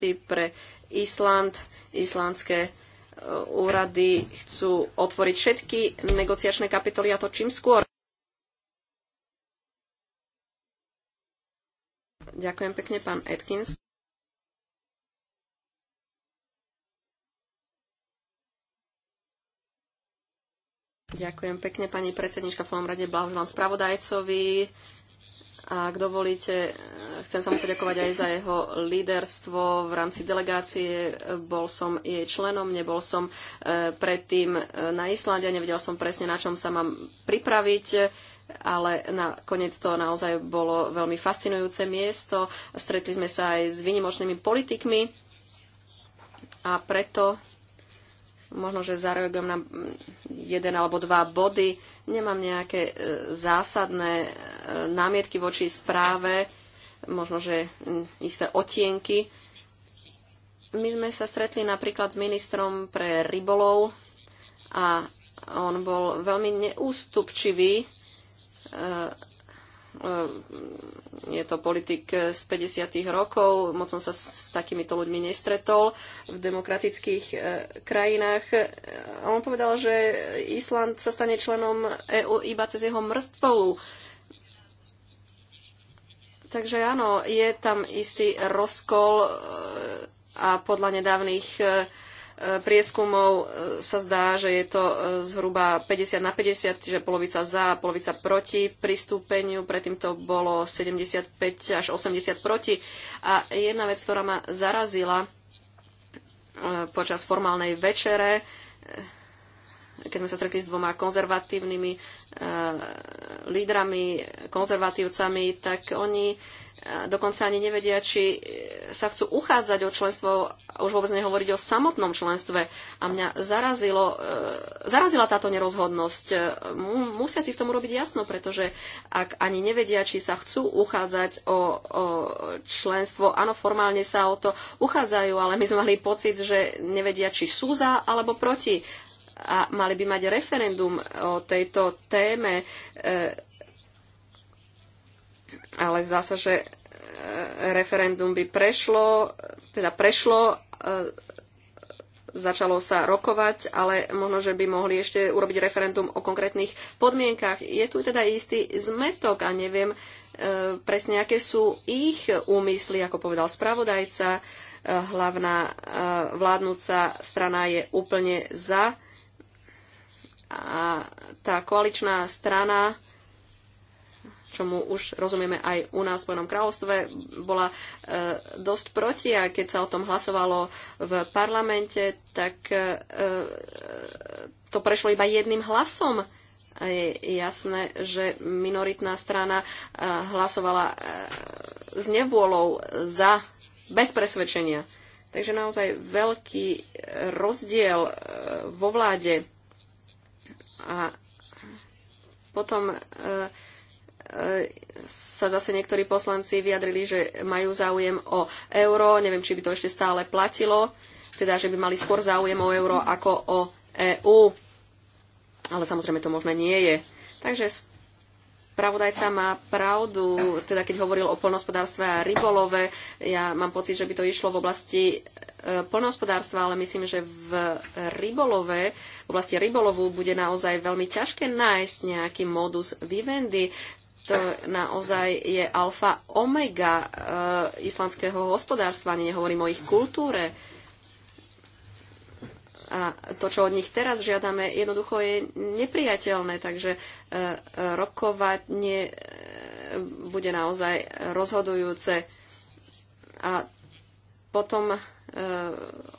pre Island. Islandské e, úrady chcú otvoriť všetky negociačné kapitoly a to čím skôr. Ďakujem pekne, pán Atkins. Ďakujem pekne, pani predsednička. V rade blahoželám spravodajcovi. A ak dovolíte, eh, chcem sa mu poďakovať aj za jeho líderstvo v rámci delegácie. Bol som jej členom, nebol som eh, predtým eh, na Islande, nevedel som presne, na čom sa mám pripraviť ale nakoniec to naozaj bolo veľmi fascinujúce miesto. Stretli sme sa aj s vynimočnými politikmi a preto Možno, že zareagujem na jeden alebo dva body. Nemám nejaké e, zásadné e, námietky voči správe, možno, že isté otienky. My sme sa stretli napríklad s ministrom pre rybolov a on bol veľmi neústupčivý e, Ehm, je to politik z 50. rokov, moc som sa s takýmito ľuďmi nestretol v demokratických e, krajinách. A on povedal, že Island sa stane členom EU iba cez jeho mŕtvolu. Takže áno, je tam istý rozkol e, a podľa nedávnych e, prieskumov e, sa zdá, že je to e, zhruba 50 na 50, že polovica za a polovica proti pristúpeniu. Predtým to bolo 75 až 80 proti. A jedna vec, ktorá ma zarazila e, počas formálnej večere, keď sme sa stretli s dvoma konzervatívnymi e, lídrami, konzervatívcami, tak oni e, dokonca ani nevedia, či sa chcú uchádzať o členstvo, už vôbec nehovoriť o samotnom členstve. A mňa zarazilo, e, zarazila táto nerozhodnosť. Musia si v tom urobiť jasno, pretože ak ani nevedia, či sa chcú uchádzať o, o členstvo, áno, formálne sa o to uchádzajú, ale my sme mali pocit, že nevedia, či sú za alebo proti a mali by mať referendum o tejto téme. E, ale zdá sa, že e, referendum by prešlo, teda prešlo, e, začalo sa rokovať, ale možno, že by mohli ešte urobiť referendum o konkrétnych podmienkach. Je tu teda istý zmetok a neviem presne, aké sú ich úmysly, ako povedal spravodajca hlavná vládnúca strana je úplne za a tá koaličná strana čomu už rozumieme aj u nás v Spojenom kráľovstve, bola e, dosť proti a keď sa o tom hlasovalo v parlamente, tak e, to prešlo iba jedným hlasom. A je jasné, že minoritná strana e, hlasovala e, s nevôľou za, bez presvedčenia. Takže naozaj veľký e, rozdiel e, vo vláde a potom e, e, sa zase niektorí poslanci vyjadrili, že majú záujem o euro. Neviem, či by to ešte stále platilo. Teda, že by mali skôr záujem o euro ako o EÚ. Ale samozrejme to možno nie je. Takže spravodajca má pravdu, teda keď hovoril o polnospodárstve a rybolove, ja mám pocit, že by to išlo v oblasti polnohospodárstva, ale myslím, že v rybolove, v oblasti rybolovu bude naozaj veľmi ťažké nájsť nejaký modus vivendi. To naozaj je alfa omega e, islandského hospodárstva, nehovorím o ich kultúre. A to, čo od nich teraz žiadame, jednoducho je nepriateľné, takže rokovať e, rokovanie e, bude naozaj rozhodujúce. A potom E,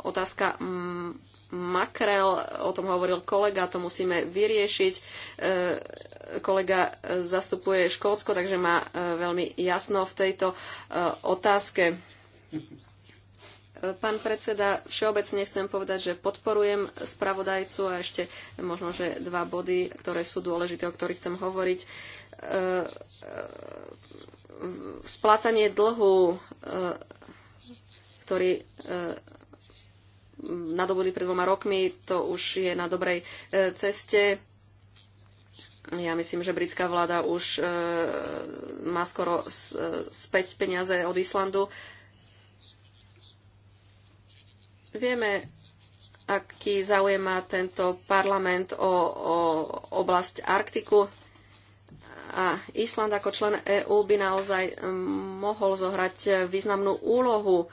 otázka mm, makrel, o tom hovoril kolega, to musíme vyriešiť. E, kolega zastupuje Škótsko, takže má e, veľmi jasno v tejto otázke. Pán predseda, všeobecne chcem povedať, že podporujem spravodajcu a ešte možno, že dva body, ktoré sú dôležité, o ktorých chcem hovoriť splácanie dlhu ktorý e, nadobudli pred dvoma rokmi, to už je na dobrej e, ceste. Ja myslím, že britská vláda už e, má skoro s, e, späť peniaze od Islandu. Vieme, aký záujem má tento parlament o, o oblasť Arktiku. A Island ako člen EÚ by naozaj mohol zohrať významnú úlohu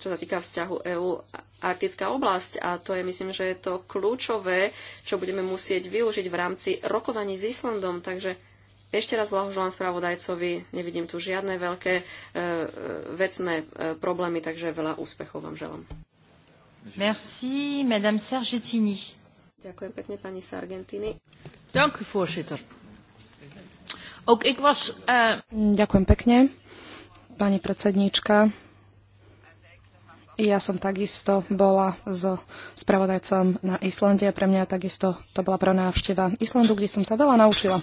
čo sa týka vzťahu EÚ arktická oblasť a to je, myslím, že je to kľúčové, čo budeme musieť využiť v rámci rokovaní s Islandom, takže ešte raz blahoželám spravodajcovi, nevidím tu žiadne veľké e, e vecné e, problémy, takže veľa úspechov vám želám. Merci, Madame Sargentini. Ďakujem pekne, pani Sargentini. Ďakujem, u, ik was, uh... Ďakujem pekne, pani predsedníčka. Ja som takisto bola so spravodajcom na Islande. Pre mňa takisto to bola prvá návšteva Islandu, kde som sa veľa naučila.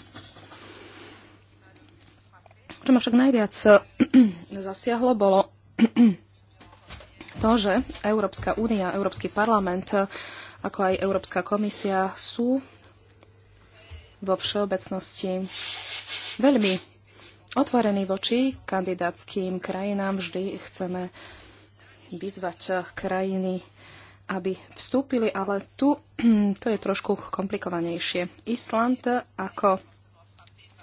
Čo ma však najviac eh, zasiahlo, bolo to, že Európska únia, Európsky parlament, eh, ako aj Európska komisia sú vo všeobecnosti veľmi otvorení voči kandidátským krajinám. Vždy chceme uh, vyzvať eh, krajiny, aby vstúpili, ale tu to je trošku komplikovanejšie. Island eh, ako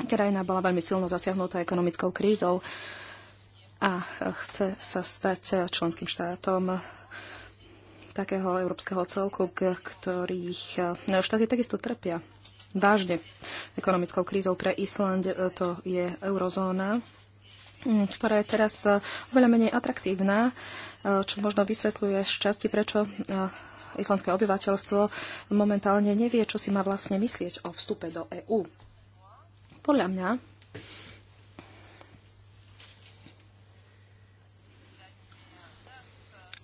krajina bola veľmi silno zasiahnutá ekonomickou krízou a eh, chce sa stať členským štátom takého európskeho celku, ktorých no, štáty takisto trpia vážne ekonomickou krízou pre Island. To je eurozóna, mm, ktorá je teraz veľa menej atraktívna Eh, čo možno vysvetľuje z časti, prečo eh, islandské obyvateľstvo momentálne nevie, čo si má vlastne myslieť o vstupe do EÚ. Podľa mňa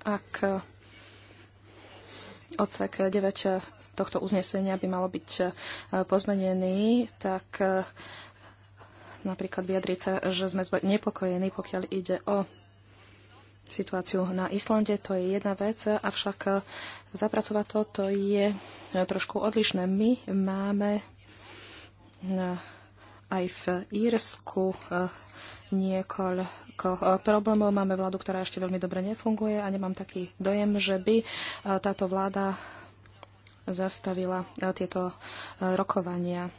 ak eh, odsek 9 tohto uznesenia by malo byť pozmenený, tak napríklad vyjadriť sa, že sme znepokojení, pokiaľ ide o situáciu na Islande, to je jedna vec, avšak zapracovať toto je trošku odlišné. My máme e, aj v Írsku e, niekoľko e, problémov. Máme vládu, ktorá ešte veľmi dobre nefunguje a nemám taký dojem, že by táto vláda zastavila tieto rokovania.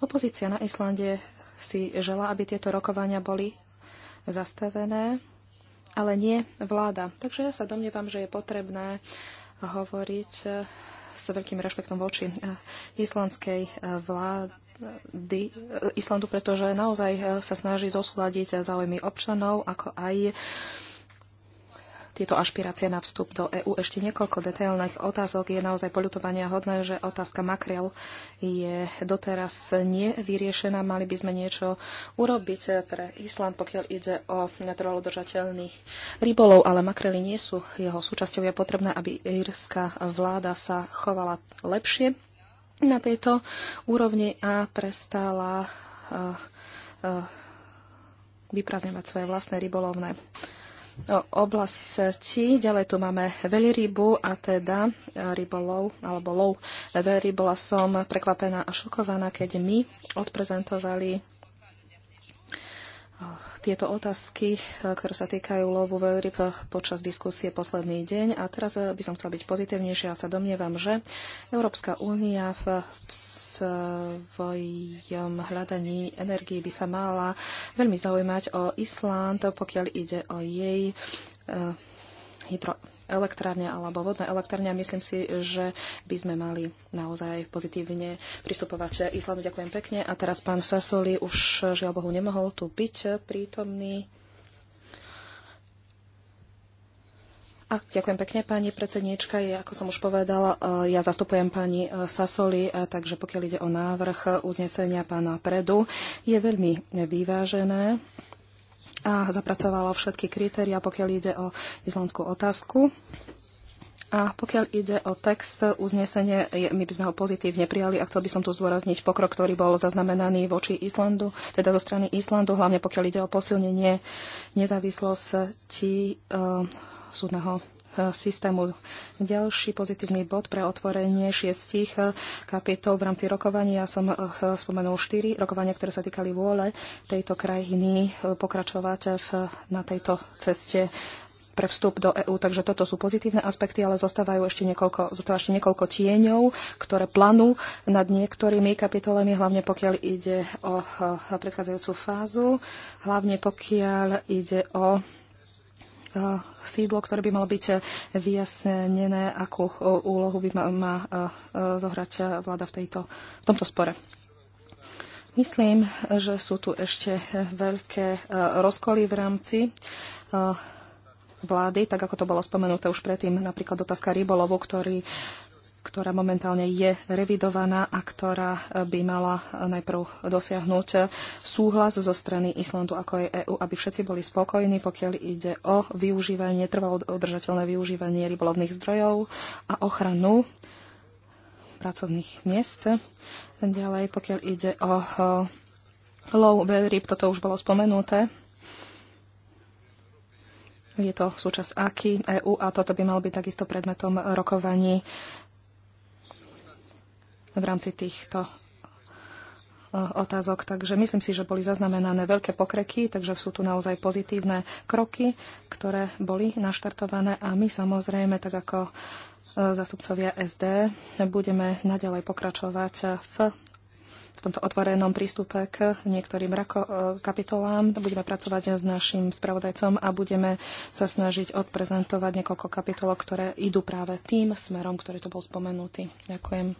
Opozícia na Islande si žela, aby tieto rokovania boli zastavené ale nie vláda. Takže ja sa domnievam, že je potrebné hovoriť eh, s veľkým rešpektom voči eh, islandskej eh, vláde Di, Islandu, pretože naozaj sa snaží zosúľadiť záujmy občanov, ako aj tieto ašpirácie na vstup do EÚ. Ešte niekoľko detailných otázok. Je naozaj poľutovania hodné, že otázka makrel je doteraz nevyriešená. Mali by sme niečo urobiť pre Island, pokiaľ ide o trvalodržateľný rybolov, ale makrely nie sú jeho súčasťou. Je potrebné, aby írska vláda sa chovala lepšie na tejto úrovni a prestala uh, eh, uh, eh, vyprazňovať svoje vlastné rybolovné No, oblasti. Ďalej tu máme veľrybu a teda e, rybolov alebo lov veľryb. som prekvapená a šokovaná, keď my odprezentovali tieto otázky, eh, ktoré sa týkajú lovu veľryb počas diskusie posledný deň. A teraz eh, by som chcela byť pozitívnejšia a sa domnievam, že Európska únia v, v svojom hľadaní energii by sa mala veľmi zaujímať o Island, pokiaľ ide o jej uh, hydro elektrárne alebo vodné elektrárne a myslím si, že by sme mali naozaj pozitívne pristupovať Islandu. Ďakujem pekne. A teraz pán Sasoli už žiaľ Bohu nemohol tu byť prítomný. A ďakujem pekne, pani predsedníčka. Ja, ako som už povedala, e, ja zastupujem pani e, Sasoli, e, takže pokiaľ ide o návrh uznesenia pána Predu, je veľmi vyvážené a zapracovala všetky kritéria, pokiaľ ide o islandskú otázku. A pokiaľ ide o text uznesenie, my by sme ho pozitívne prijali a chcel by som tu zdôrazniť pokrok, ktorý bol zaznamenaný voči Islandu, teda zo strany Islandu, hlavne pokiaľ ide o posilnenie nezávislosti e, súdneho systému. Ďalší pozitívny bod pre otvorenie šiestich kapitol v rámci rokovania. Ja som eh, spomenul štyri rokovania, ktoré sa týkali vôle tejto krajiny eh, pokračovať v, na tejto ceste pre vstup do EÚ. Takže toto sú pozitívne aspekty, ale zostávajú ešte niekoľko, zostáva ešte niekoľko tieňov, ktoré planú nad niektorými kapitolami, hlavne pokiaľ ide o eh, predchádzajúcu fázu, hlavne pokiaľ ide o Eh, sídlo, ktoré by malo byť eh, vyjasnené, akú eh, úlohu by má zohrať vláda v, tejto, v tomto spore. Myslím, že sú tu ešte veľké rozkoly v rámci vlády, tak ako to bolo spomenuté už predtým, napríklad otázka rybolovu, ktorý ktorá momentálne je revidovaná a ktorá eh, by mala eh, najprv dosiahnuť eh, súhlas zo strany Islandu ako aj EÚ, aby všetci boli spokojní, pokiaľ ide o využívanie, trvalo udržateľné využívanie rybolovných zdrojov a ochranu pracovných miest. Ďalej, pokiaľ ide o lov ryb, toto už bolo spomenuté. Je to súčasť AKI, EU a toto by mal byť takisto predmetom rokovaní v rámci týchto e, otázok. Takže myslím si, že boli zaznamenané veľké pokreky, takže sú tu naozaj pozitívne kroky, ktoré boli naštartované a my samozrejme, tak ako e, zastupcovia SD, budeme naďalej pokračovať v v tomto otvorenom prístupe k niektorým rako- e, kapitolám. Budeme pracovať s našim spravodajcom a budeme sa snažiť odprezentovať niekoľko kapitolov, ktoré idú práve tým smerom, ktorý to bol spomenutý. Ďakujem.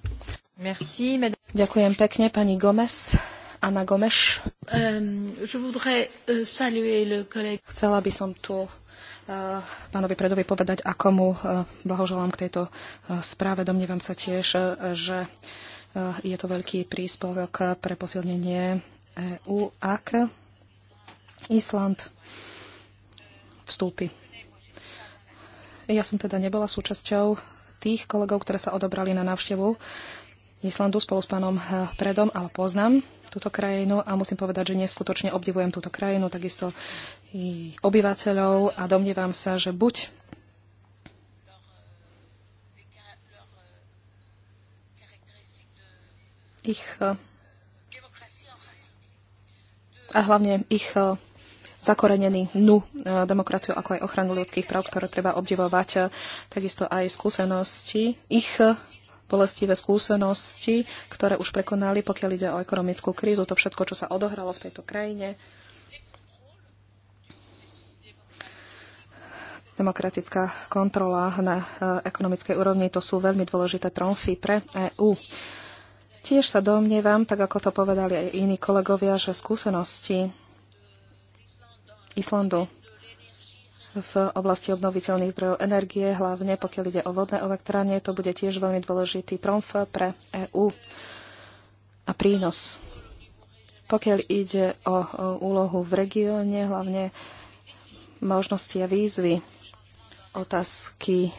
Ďakujem pekne, pani Gomez. Anna Gomes. Um, voudrais, uh, Chcela by som tu euh, pánovi Predovi povedať, ako mu euh, blahoželám k tejto euh, správe. Domnievam sa tiež, že je to veľký príspevok pre posilnenie EU, ak Island vstúpi. Ja som teda nebola súčasťou tých kolegov, ktoré sa odobrali na návštevu Islandu spolu s pánom eh, Predom, ale poznám túto krajinu a musím povedať, že neskutočne obdivujem túto krajinu, takisto i obyvateľov a domnievam sa, že buď ich eh, a hlavne ich eh, zakorenený nu demokraciu, ako aj ochranu ľudských práv, ktoré treba obdivovať, takisto aj skúsenosti ich bolestivé skúsenosti, ktoré už prekonali, pokiaľ ide o ekonomickú krízu, to všetko, čo sa odohralo v tejto krajine. Demokratická kontrola na e, ekonomickej úrovni, to sú veľmi dôležité tromfy pre EÚ. Tiež sa domnievam, tak ako to povedali aj iní kolegovia, že skúsenosti Islandu v oblasti obnoviteľných zdrojov energie, hlavne pokiaľ ide o vodné elektrárne. To bude tiež veľmi dôležitý tromf pre EÚ a prínos. Pokiaľ ide o úlohu v regióne, hlavne možnosti a výzvy, otázky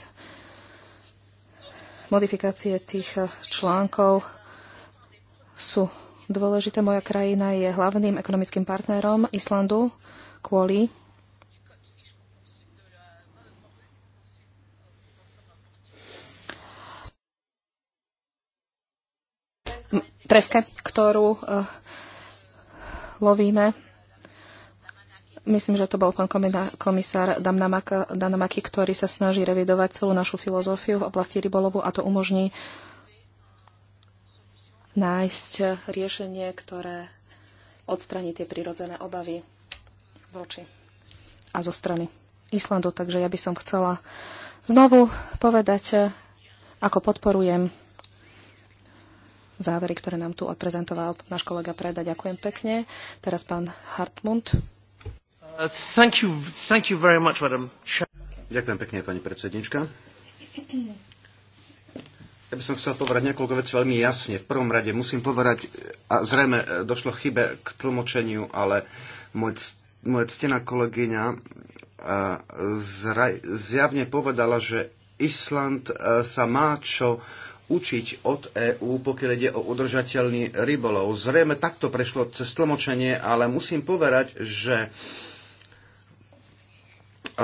modifikácie tých e, článkov sú dôležité. Moja krajina je hlavným ekonomickým partnerom Islandu kvôli treske, ktorú uh, lovíme. Myslím, že to bol pán komisár Danamaki, ktorý sa snaží revidovať celú našu filozofiu v oblasti rybolovu a to umožní nájsť riešenie, ktoré odstraní tie prirodzené obavy voči a zo strany Islandu. Takže ja by som chcela znovu povedať, ako podporujem závery, ktoré nám tu odprezentoval náš kolega Preda. Ďakujem pekne. Teraz pán Hartmund. Uh, thank you, thank you very much, madam. Ďakujem pekne, pani predsednička. Ja by som chcel povedať niekoľko vecí veľmi jasne. V prvom rade musím povedať, a zrejme e, došlo chybe k tlmočeniu, ale moja ctená kolegyňa e, zjavne povedala, že Island e, sa má čo učiť od EÚ, pokiaľ ide o udržateľný rybolov. Zrejme takto prešlo cez tlmočenie, ale musím povedať, že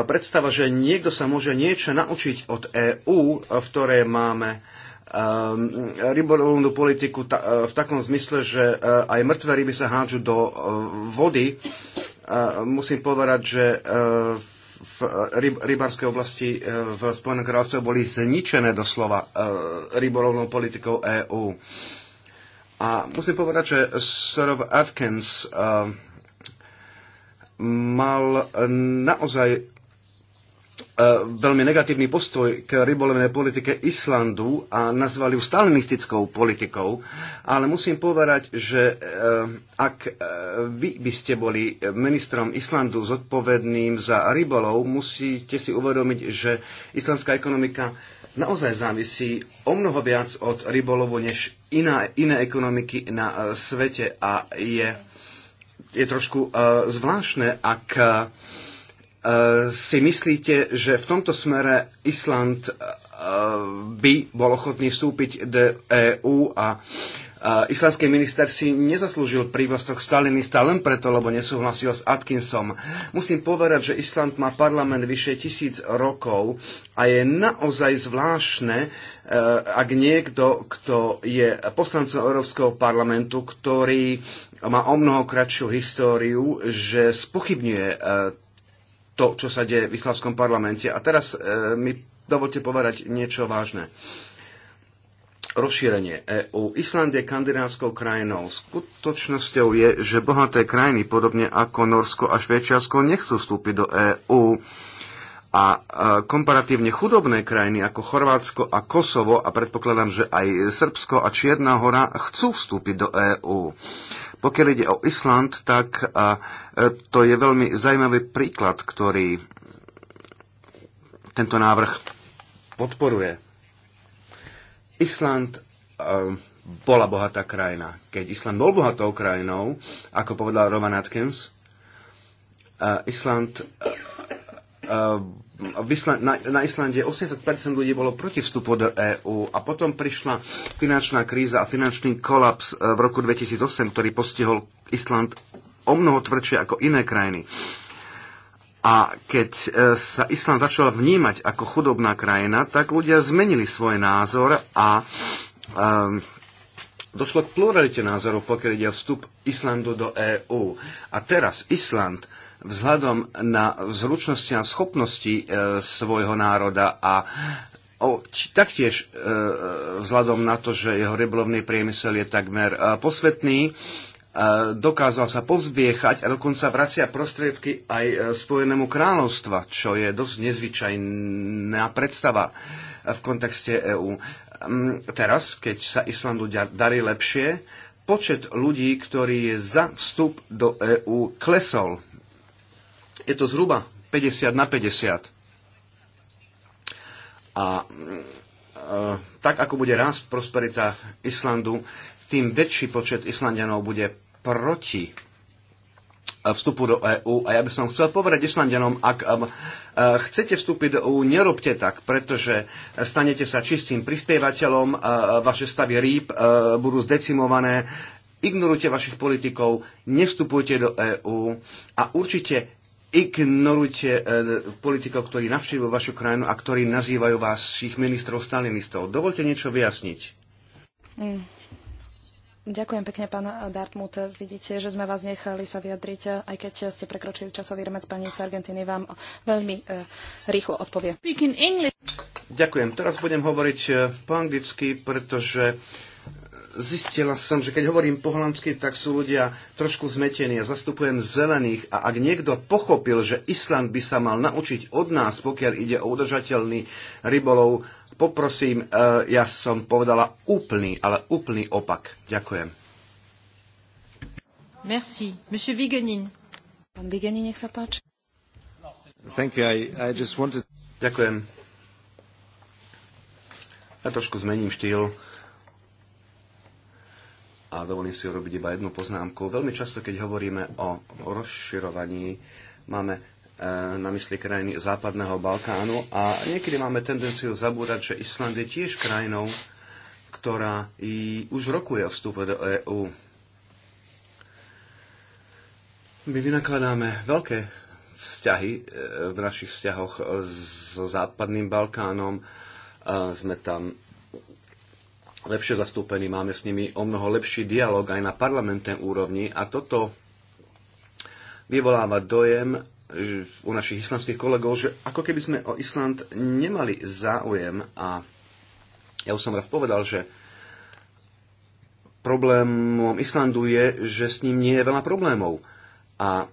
predstava, že niekto sa môže niečo naučiť od EÚ, v ktorej máme ehm, rybolovnú politiku e, v takom zmysle, že e, aj mŕtve ryby sa hádžu do e, vody, musím povedať, že v v rybárskej oblasti e, v Spojenom kráľovstve boli zničené doslova e, rybolovnou politikou EÚ. A musím povedať, že Sir Atkins e, mal naozaj E, veľmi negatívny postoj k rybolovnej politike Islandu a nazvali ju stalinistickou politikou, ale musím povedať, že e, ak e, vy by ste boli ministrom Islandu zodpovedným za rybolov, musíte si uvedomiť, že islandská ekonomika naozaj závisí o mnoho viac od rybolovu než iná, iné ekonomiky na svete a je, je trošku zvláštne, ak E, si myslíte, že v tomto smere Island e, by bol ochotný vstúpiť do EÚ a e, islandský minister si nezaslúžil prívlastok Stalinista len preto, lebo nesúhlasil s Atkinsom. Musím povedať, že Island má parlament vyše tisíc rokov a je naozaj zvláštne, ak niekto, kto je poslancom Európskeho parlamentu, ktorý má o mnoho kratšiu históriu, že spochybňuje to, čo sa deje v Islavskom parlamente. A teraz e, mi dovolte povedať niečo vážne. Rozšírenie EU. Island je kandidátskou krajinou. Skutočnosťou je, že bohaté krajiny, podobne ako Norsko a Švečiasko, nechcú vstúpiť do EÚ. A e, komparatívne chudobné krajiny ako Chorvátsko a Kosovo, a predpokladám, že aj Srbsko a Čierna hora, chcú vstúpiť do EÚ. Pokiaľ ide o Island, tak e, E, to je veľmi zaujímavý príklad, ktorý tento návrh podporuje. Island e, bola bohatá krajina. Keď Island bol bohatou krajinou, ako povedal Rowan Atkins, e, Island na Islande 80% ľudí bolo proti vstupu do EÚ a potom prišla finančná kríza a finančný kolaps v roku 2008, ktorý postihol Island o mnoho tvrdšie ako iné krajiny. A keď e, sa Islám začal vnímať ako chudobná krajina, tak ľudia zmenili svoj názor a um, došlo k pluralite názorov, pokiaľ ide vstup Islandu do EÚ. A teraz Island vzhľadom na zručnosti a schopnosti e, svojho národa a o, taktiež e, e, vzhľadom na to, že jeho rybolovný priemysel je takmer e, posvetný, e, dokázal sa povzbiechať a dokonca vracia prostriedky aj e, Spojenému kráľovstva, čo je dosť nezvyčajná predstava e, v kontexte EÚ. Mm, teraz, keď sa Islandu darí lepšie, počet ľudí, ktorí je za vstup do EÚ, klesol. Je to zhruba 50 na 50. A a mm, e, tak, ako bude rást prosperita Islandu, tým väčší počet Islandianov bude proti eh, vstupu do EÚ. A ja by som chcel povedať Islandianom, ak eh, eh, chcete vstúpiť do EÚ, nerobte tak, pretože stanete sa čistým prispievateľom, vaše stavy rýb budú zdecimované, ignorujte vašich politikov, nevstupujte do EÚ a určite ignorujte politikov, ktorí navštívajú vašu krajinu a ktorí nazývajú vás ich ministrov stalinistov. Dovolte niečo vyjasniť. Mm. Ďakujem pekne, pán Dartmut. Vidíte, že sme vás nechali sa vyjadriť, aj keď ste prekročili časový remec. Pani z Argentíny vám veľmi e, rýchlo odpovie. Ďakujem. Teraz budem hovoriť e, po anglicky, pretože e, zistila som, že keď hovorím po holandsky, tak sú ľudia trošku zmetení. Ja zastupujem zelených a ak niekto pochopil, že Island by sa mal naučiť od nás, pokiaľ ide o udržateľný rybolov, poprosím, uh, ja som povedala úplný, ale úplný opak. Ďakujem. Merci. Monsieur Vigenin. Pán Vigenin, nech sa páči. Thank you. I, I just wanted... Ďakujem. Ja trošku zmením štýl a dovolím si urobiť iba jednu poznámku. Veľmi často, keď hovoríme o rozširovaní, máme Eh, na mysli krajiny Západného Balkánu a niekedy máme tendenciu zabúdať, že Island je tiež krajinou, ktorá i už rokuje o vstupe do EÚ. My vynakladáme veľké vzťahy eh, v našich vzťahoch so Západným Balkánom. Eh, sme tam lepšie zastúpení, máme s nimi o mnoho lepší dialog aj na parlamentnej úrovni a toto vyvoláva dojem, u našich islandských kolegov, že ako keby sme o Island nemali záujem a ja už som raz povedal, že problémom Islandu je, že s ním nie je veľa problémov. A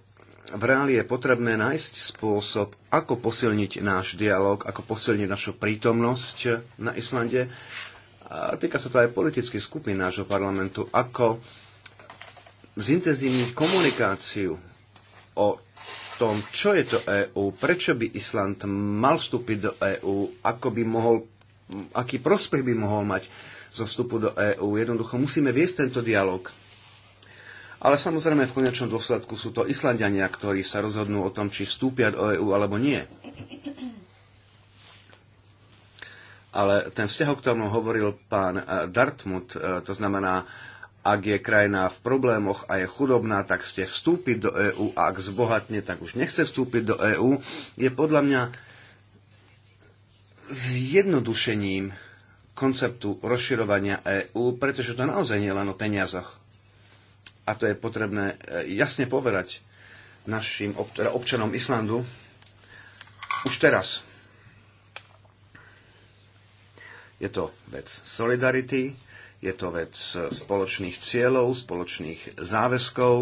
v reáli je potrebné nájsť spôsob, ako posilniť náš dialog, ako posilniť našu prítomnosť na Islande. A týka sa to aj politických skupín nášho parlamentu, ako zintenzívniť komunikáciu o tom, čo je to EÚ, prečo by Island mal vstúpiť do EÚ, ako by mohol, aký prospech by mohol mať zo vstupu do EÚ. Jednoducho musíme viesť tento dialog. Ale samozrejme v konečnom dôsledku sú to Islandiania, ktorí sa rozhodnú o tom, či vstúpia do EÚ alebo nie. Ale ten vzťah, o ktorom hovoril pán eh, Dartmut, eh, to znamená ak je krajina v problémoch a je chudobná, tak ste vstúpiť do EÚ a ak zbohatne, tak už nechce vstúpiť do EÚ, je podľa mňa zjednodušením konceptu rozširovania EÚ, pretože to naozaj nie je len o peniazoch. A to je potrebné eh, jasne povedať našim teda občanom Islandu už teraz. Je to vec solidarity, je to vec spoločných cieľov, spoločných záväzkov.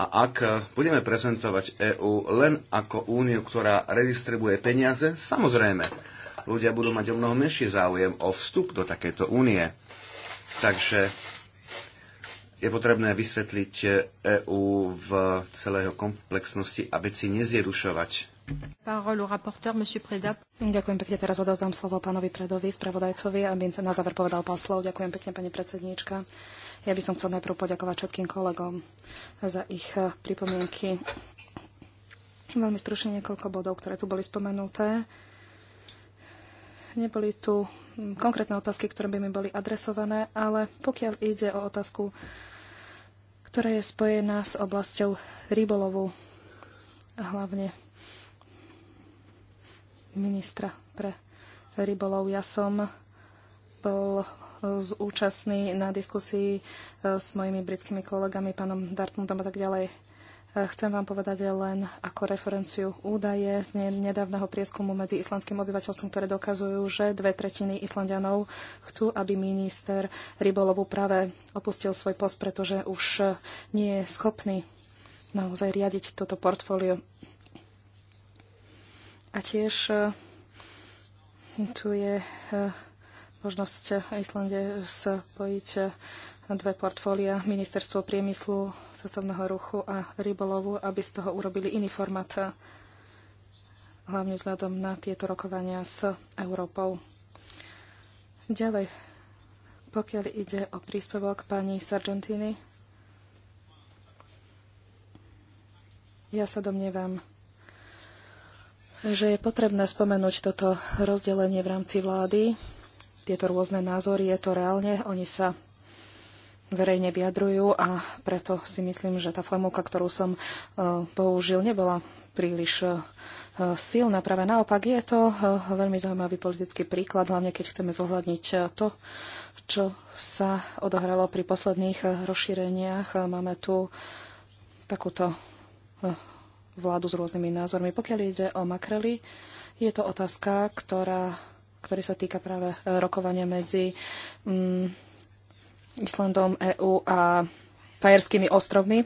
A ak budeme prezentovať EÚ len ako úniu, ktorá redistribuje peniaze, samozrejme, ľudia budú mať o mnoho menší záujem o vstup do takejto únie. Takže je potrebné vysvetliť EÚ v celého komplexnosti a veci nezjedušovať Ďakujem pekne, teraz odovzdám slovo pánovi Predovi, spravodajcovi, aby na záver povedal pár slov. Ďakujem pekne, pani predsedníčka. Ja by som chcel najprv poďakovať všetkým kolegom za ich pripomienky. Veľmi stručne niekoľko bodov, ktoré tu boli spomenuté. Neboli tu konkrétne otázky, ktoré by mi boli adresované, ale pokiaľ ide o otázku, ktorá je spojená s oblasťou rybolovu, hlavne ministra pre rybolov. Ja som bol účastný na diskusii e, s mojimi britskými kolegami, pánom Dartmundom a tak ďalej. E, chcem vám povedať len ako referenciu údaje z nedávneho prieskumu medzi islandským obyvateľstvom, ktoré dokazujú, že dve tretiny Islandianov chcú, aby minister rybolovu práve opustil svoj post, pretože už e, nie je schopný naozaj riadiť toto portfólio. A tiež e, tu je e, možnosť Islande spojiť e, dve portfólia, ministerstvo priemyslu, cestovného ruchu a rybolovu, aby z toho urobili iný formát, hlavne vzhľadom na tieto rokovania s Európou. Ďalej, pokiaľ ide o príspevok pani Sargentini, ja sa domnievam, že je potrebné spomenúť toto rozdelenie v rámci vlády, tieto rôzne názory, je to reálne, oni sa verejne vyjadrujú a preto si myslím, že tá formulka, ktorú som e, použil, nebola príliš e, silná. Práve naopak je to e, veľmi zaujímavý politický príklad, hlavne keď chceme zohľadniť to, čo sa odohralo pri posledných rozšíreniach. Máme tu takúto vládu s rôznymi názormi. Pokiaľ ide o makrely, je to otázka, ktorá, ktorý sa týka práve e, rokovania medzi mm, Islandom, EÚ a Fajerskými ostrovmi.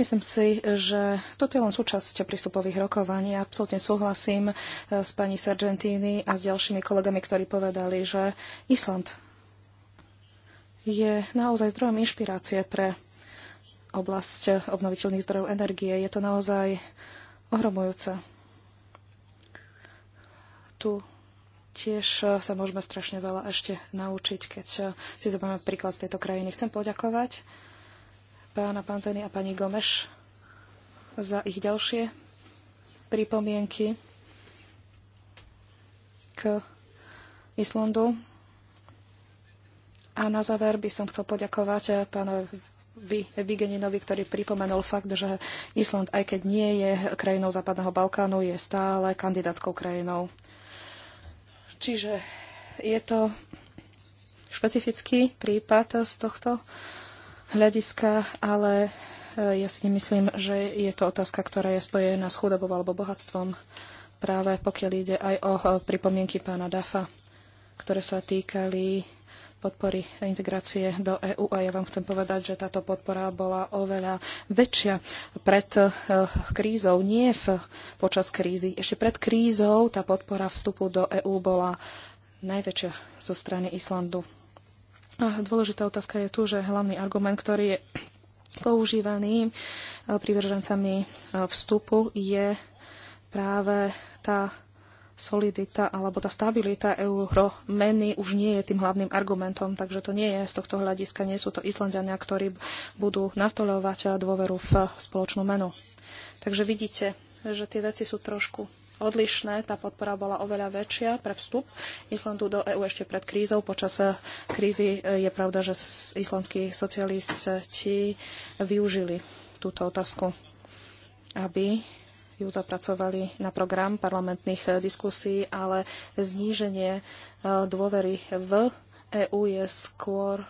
Myslím si, že toto je len súčasť prístupových rokovaní. Absolutne súhlasím e, s pani Sargentini a s ďalšími kolegami, ktorí povedali, že Island je naozaj zdrojom inšpirácie pre oblasť obnoviteľných zdrojov energie. Je to naozaj ohromujúce. Tu tiež sa môžeme strašne veľa ešte naučiť, keď si zoberieme príklad z tejto krajiny. Chcem poďakovať pána Panzeny a pani Gomeš za ich ďalšie pripomienky k Islandu. A na záver by som chcel poďakovať pánovi Vigeninovi, ktorý pripomenul fakt, že Island, aj keď nie je krajinou Západného Balkánu, je stále kandidátskou krajinou. Čiže je to špecifický prípad z tohto hľadiska, ale e, ja si nemyslím, že je to otázka, ktorá je spojená s chudobou alebo bohatstvom, práve pokiaľ ide aj o e, pripomienky pána Dafa, ktoré sa týkali podpory integrácie do EÚ a ja vám chcem povedať, že táto podpora bola oveľa väčšia pred eh, krízou, nie v, počas krízy. Ešte pred krízou tá podpora vstupu do EÚ bola najväčšia zo strany Islandu. A dôležitá otázka je tu, že hlavný argument, ktorý je používaný eh, prívržencami eh, vstupu je práve tá solidita alebo tá stabilita euromeny už nie je tým hlavným argumentom, takže to nie je z tohto hľadiska, nie sú to Islandiania, ktorí budú nastolovať dôveru v spoločnú menu. Takže vidíte, že tie veci sú trošku odlišné. Tá podpora bola oveľa väčšia pre vstup Islandu do EÚ ešte pred krízou. Počas krízy je pravda, že islandskí socialisti využili túto otázku, aby ju zapracovali na program parlamentných eh, diskusí, ale zníženie eh, dôvery v EÚ je skôr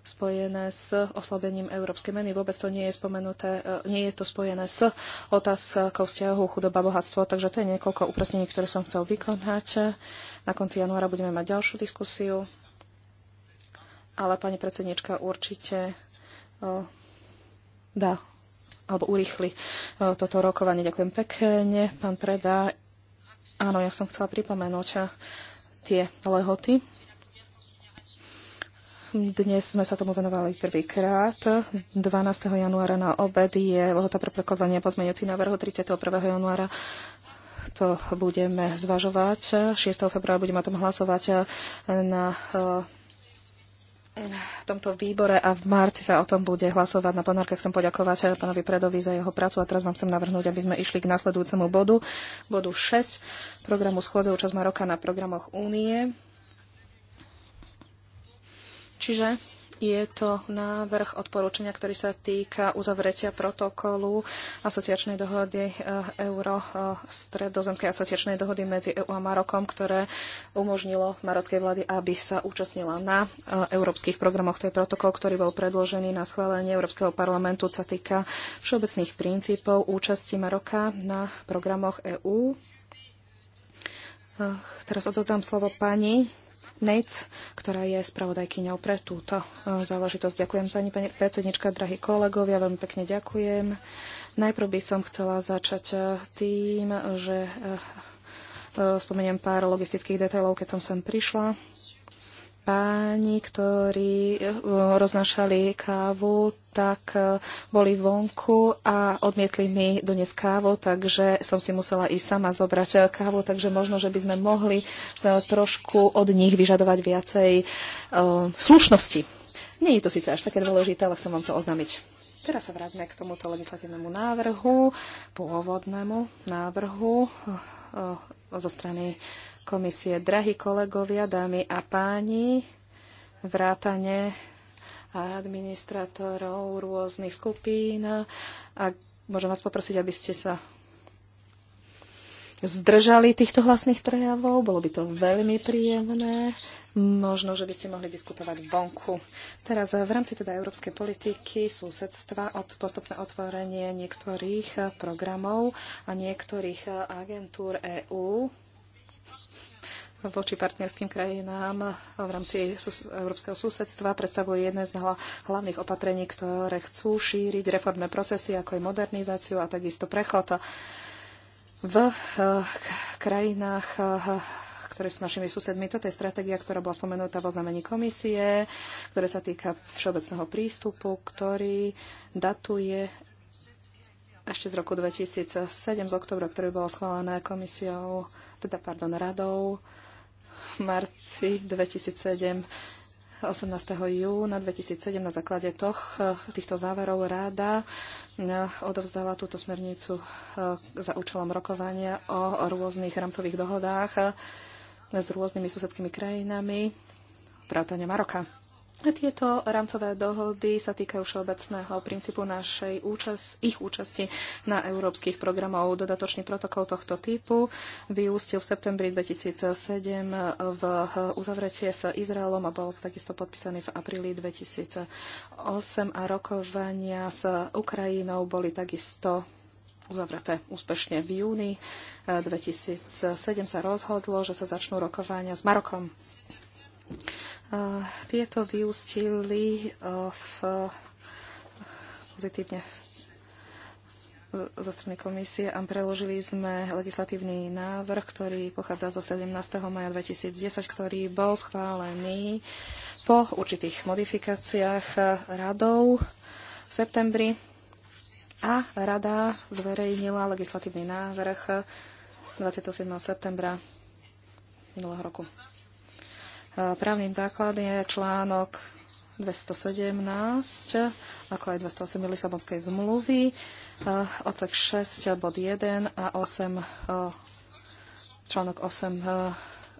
spojené s oslabením európskej meny. Vôbec to nie je spomenuté, eh, nie je to spojené s otázkou vzťahu chudoba bohatstvo, takže to je niekoľko upresnení, ktoré som chcel vykonať. Na konci januára budeme mať ďalšiu diskusiu, ale pani predsednička určite dá alebo urýchli e, toto rokovanie. Ďakujem pekne, pán Preda. Áno, ja som chcela pripomenúť tie lehoty. Dnes sme sa tomu venovali prvýkrát. 12. januára na obed je lehota pre prekladanie pozmeňujúcich návrhu 31. januára to budeme zvažovať. 6. februára budeme o tom hlasovať na e, v tomto výbore a v marci sa o tom bude hlasovať na plenárke. Chcem poďakovať pánovi Predovi za jeho prácu a teraz vám chcem navrhnúť, aby sme išli k nasledujúcemu bodu, bodu 6 programu schôdze účasť Maroka na programoch únie. Čiže je to návrh odporúčania, ktorý sa týka uzavretia protokolu asociačnej dohody eh, Euro-Stredozemskej eh, asociačnej dohody medzi EU a Marokom, ktoré umožnilo marockej vlády, aby sa účastnila na eh, európskych programoch. To je protokol, ktorý bol predložený na schválenie Európskeho parlamentu, sa týka všeobecných princípov účasti Maroka na programoch EÚ. Teraz odozdám slovo pani Nates, ktorá je spravodajkyňou pre túto e, záležitosť. Ďakujem pani, pani predsednička, drahí kolegovia, veľmi pekne ďakujem. Najprv by som chcela začať e, tým, že e, spomeniem pár logistických detailov, keď som sem prišla páni, ktorí eh, roznašali kávu, tak eh, boli vonku a odmietli mi doniesť kávu, takže som si musela ísť sama zobrať eh, kávu, takže možno, že by sme mohli trošku od nich vyžadovať viacej slušnosti. Nie je to síce až také dôležité, ale chcem vám to oznámiť. Teraz sa vráťme k tomuto legislatívnemu návrhu, pôvodnému návrhu zo strany komisie. Drahí kolegovia, dámy a páni, vrátane administrátorov rôznych skupín. A môžem vás poprosiť, aby ste sa zdržali týchto hlasných prejavov. Bolo by to veľmi príjemné. Možno, že by ste mohli diskutovať vonku. Teraz eh, v rámci teda európskej politiky súsedstva od postupné otvorenie niektorých eh, programov a niektorých eh, agentúr EÚ voči partnerským krajinám v rámci európskeho susedstva predstavuje jedné z hlavných opatrení, ktoré chcú šíriť reformné procesy, ako je modernizáciu a takisto prechod v eh, krajinách, eh, ktoré sú našimi susedmi. Toto je stratégia, ktorá bola spomenutá vo znamení komisie, ktoré sa týka všeobecného prístupu, ktorý datuje ešte z roku 2007, z oktobra, ktoré bolo schválené komisiou teda pardon, radou marci 2007 18. júna 2007 na základe toch, týchto záverov ráda eh, odovzdala túto smernicu eh, za účelom rokovania o rôznych rámcových dohodách eh, s rôznymi susedskými krajinami, vrátane Maroka. Tieto rámcové dohody sa týkajú všeobecného princípu našej účast, ich účasti na európskych programov. Dodatočný protokol tohto typu vyústil v septembri 2007 v uzavretie s Izraelom a bol takisto podpísaný v apríli 2008 a rokovania s Ukrajinou boli takisto uzavreté úspešne v júni 2007 sa rozhodlo, že sa začnú rokovania s Marokom. Tieto vyústili eh, v pozitívne zo strany komisie a preložili sme legislatívny návrh, ktorý pochádza zo 17. maja 2010, ktorý bol schválený po určitých modifikáciách radov v septembri a rada zverejnila legislatívny návrh 27. septembra minulého roku. Právnym základom je článok 217, ako aj 208 Lisabonskej zmluvy, eh, odsek 6, bod 1 a 8, eh, článok 8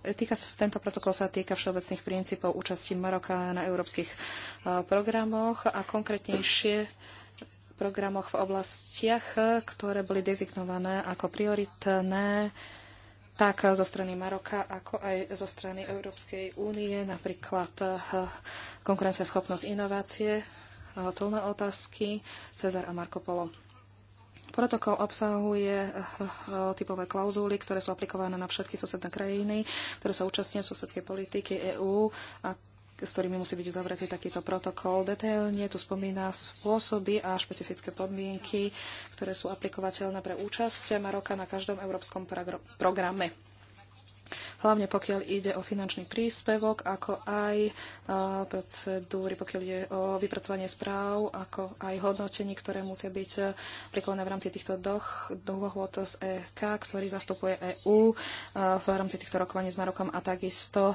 eh, týka sa, tento protokol sa týka všeobecných princípov účasti Maroka na európskych programoch a konkrétnejšie programoch v oblastiach, ktoré boli dezignované ako prioritné tak zo strany Maroka, ako aj zo strany Európskej únie, napríklad eh, schopnosť inovácie, colné otázky, Cezar a Marko Polo. Protokol obsahuje eh, eh, typové klauzuly, ktoré sú aplikované na všetky susedné krajiny, ktoré sa účastnia susedskej politiky EÚ, s ktorými musí byť uzavretý takýto protokol. Detailne tu spomína spôsoby a špecifické podmienky, ktoré sú aplikovateľné pre účasť Maroka na každom európskom programe hlavne pokiaľ ide o finančný príspevok, ako aj e, procedúry, pokiaľ ide o vypracovanie správ, ako aj hodnotení, ktoré musia byť e, prikladné v rámci týchto doch, dohôd z EK, ktorý zastupuje EÚ e, v rámci týchto rokovaní s Marokom a takisto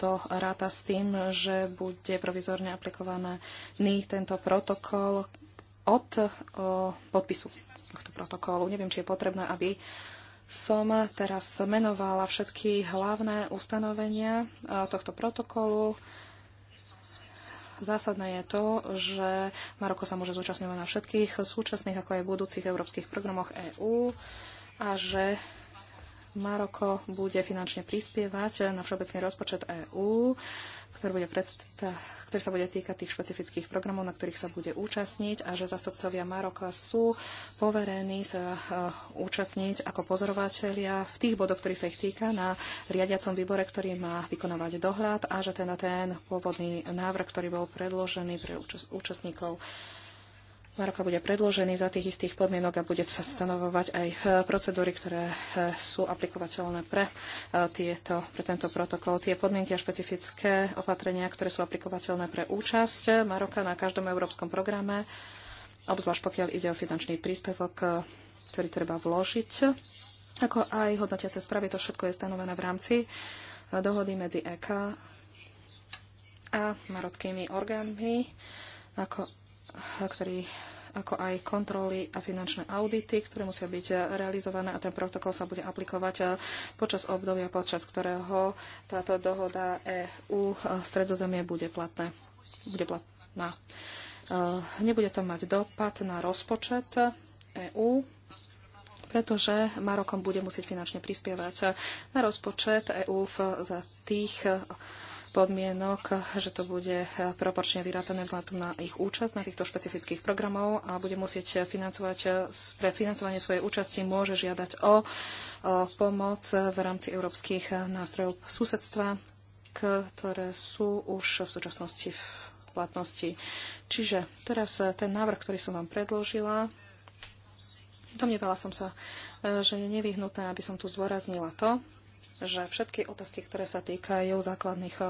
to ráta s tým, že bude provizorne aplikovaný tento protokol od podpisu tohto protokolu. Neviem, či je potrebné, aby som teraz menovala všetky hlavné ustanovenia tohto protokolu. Zásadné je to, že Maroko sa môže zúčastňovať na všetkých súčasných, ako aj budúcich európskych programoch EÚ a že Maroko bude finančne prispievať na všeobecný rozpočet EÚ ktorý, bude predstav, ktorý sa bude týkať tých špecifických programov, na ktorých sa bude účastniť a že zastupcovia Maroka sú poverení sa e, účastniť ako pozorovateľia v tých bodoch, ktorých sa ich týka na riadiacom výbore, ktorý má vykonávať dohľad a že ten, ten pôvodný návrh, ktorý bol predložený pre účastníkov Maroka bude predložený za tých istých podmienok a bude sa stanovovať aj eh, procedúry, ktoré eh, sú aplikovateľné pre, eh, tieto, pre tento protokol. Tie podmienky a špecifické opatrenia, ktoré sú aplikovateľné pre účasť Maroka na každom európskom programe, obzvlášť pokiaľ ide o finančný príspevok, ktorý treba vložiť, ako aj hodnotiace správy, to všetko je stanovené v rámci dohody medzi EK a marockými orgánmi, ako ktorý ako aj kontroly a finančné audity, ktoré musia byť realizované a ten protokol sa bude aplikovať eh, počas obdobia, počas ktorého táto dohoda EU eh, stredozemie bude, platné, bude platná. Eh, nebude to mať dopad na rozpočet EÚ, pretože Marokom bude musieť finančne prispievať na rozpočet EÚ za tých podmienok, že to bude proporčne vyrátané vzhľadom na ich účasť na týchto špecifických programov a bude musieť financovať, pre financovanie svojej účasti môže žiadať o, o pomoc v rámci európskych nástrojov susedstva, ktoré sú už v súčasnosti v platnosti. Čiže teraz ten návrh, ktorý som vám predložila, domnievala som sa, že je nevyhnutné, aby som tu zdôraznila to, že všetky otázky, ktoré sa týkajú základných e,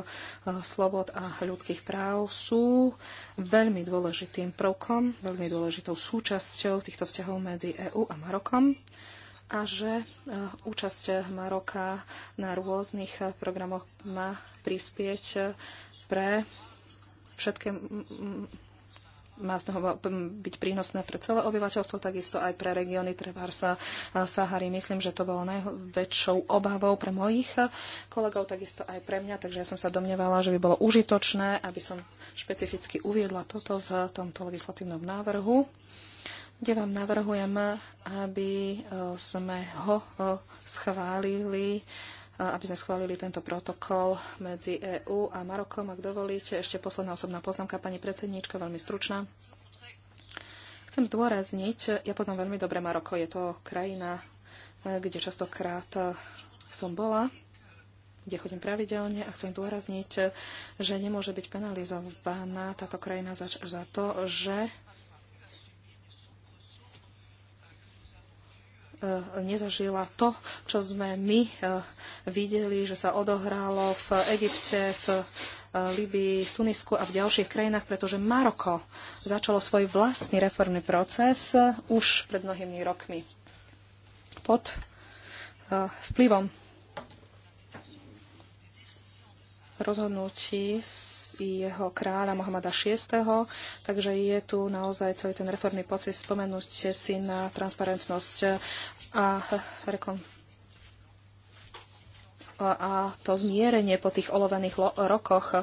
slobod a ľudských práv, sú veľmi dôležitým prvkom, veľmi dôležitou súčasťou týchto vzťahov medzi EÚ a Marokom a že e, účasť Maroka na rôznych e, programoch má prispieť pre všetké má z toho byť prínosné pre celé obyvateľstvo, takisto aj pre regióny a Sahary. Myslím, že to bolo najväčšou obavou pre mojich kolegov, takisto aj pre mňa, takže ja som sa domnievala, že by bolo užitočné, aby som špecificky uviedla toto v tomto legislatívnom návrhu kde vám navrhujem, aby e, sme ho e, schválili aby sme schválili tento protokol medzi EÚ a Marokom. Ak dovolíte, ešte posledná osobná poznámka, pani predsedníčka, veľmi stručná. Chcem zdôrazniť, ja poznám veľmi dobre Maroko, je to krajina, e, kde častokrát e, som bola, kde chodím pravidelne a chcem dôrazniť, že nemôže byť penalizovaná táto krajina za, za to, že Eh, nezažila to, čo sme my eh, videli, že sa odohralo v Egypte, v eh, Libii, v Tunisku a v ďalších krajinách, pretože Maroko začalo svoj vlastný reformný proces už pred mnohými rokmi pod vplyvom rozhodnutí z jeho kráľa Mohameda VI. Takže je tu naozaj celý ten reformný proces. Spomenúte si na transparentnosť a rekon a to zmierenie po tých olovených rokoch, e,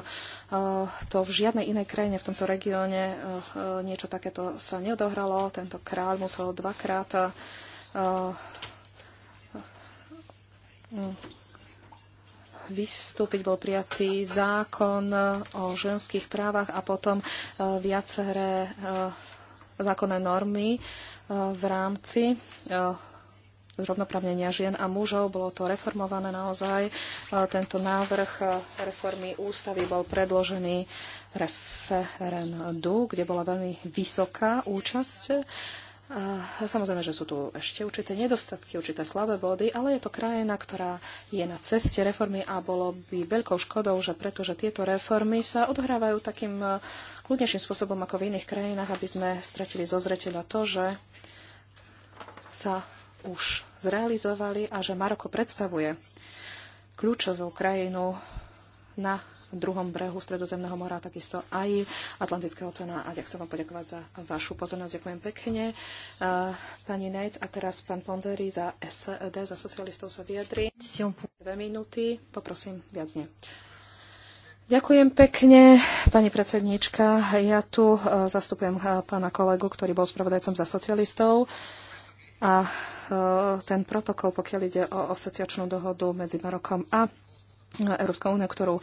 to v žiadnej inej krajine v tomto regióne e, e, niečo takéto sa neodohralo. Tento kráľ musel dvakrát vystúpiť, bol prijatý zákon o ženských právach a potom eh, viaceré eh, zákonné normy eh, v rámci zrovnoprávnenia žien a mužov. Bolo to reformované naozaj. Tento návrh reformy ústavy bol predložený referendu, kde bola veľmi vysoká účasť Eh, samozrejme, že sú tu ešte určité nedostatky, určité slabé body, ale je to krajina, ktorá je na ceste reformy a bolo by veľkou škodou, že pretože tieto reformy sa odhrávajú takým eh, kľudnejším spôsobom ako v iných krajinách, aby sme stratili zo zreteľa to, že sa už zrealizovali a že Maroko predstavuje kľúčovú krajinu na druhom brehu Stredozemného mora, takisto aj Atlantického oceána. A ja chcem vám poďakovať za vašu pozornosť. Ďakujem pekne. Eh, pani Nec a teraz pán Ponzeri za SED, za socialistov sa vyjadri. Dve minúty, poprosím, viac nie. Ďakujem pekne, pani predsedníčka. Ja tu eh, zastupujem eh, pána kolegu, ktorý bol spravodajcom za socialistov. A ten protokol, pokiaľ ide o asociačnú dohodu medzi Marokom a Európska únia, ktorú e,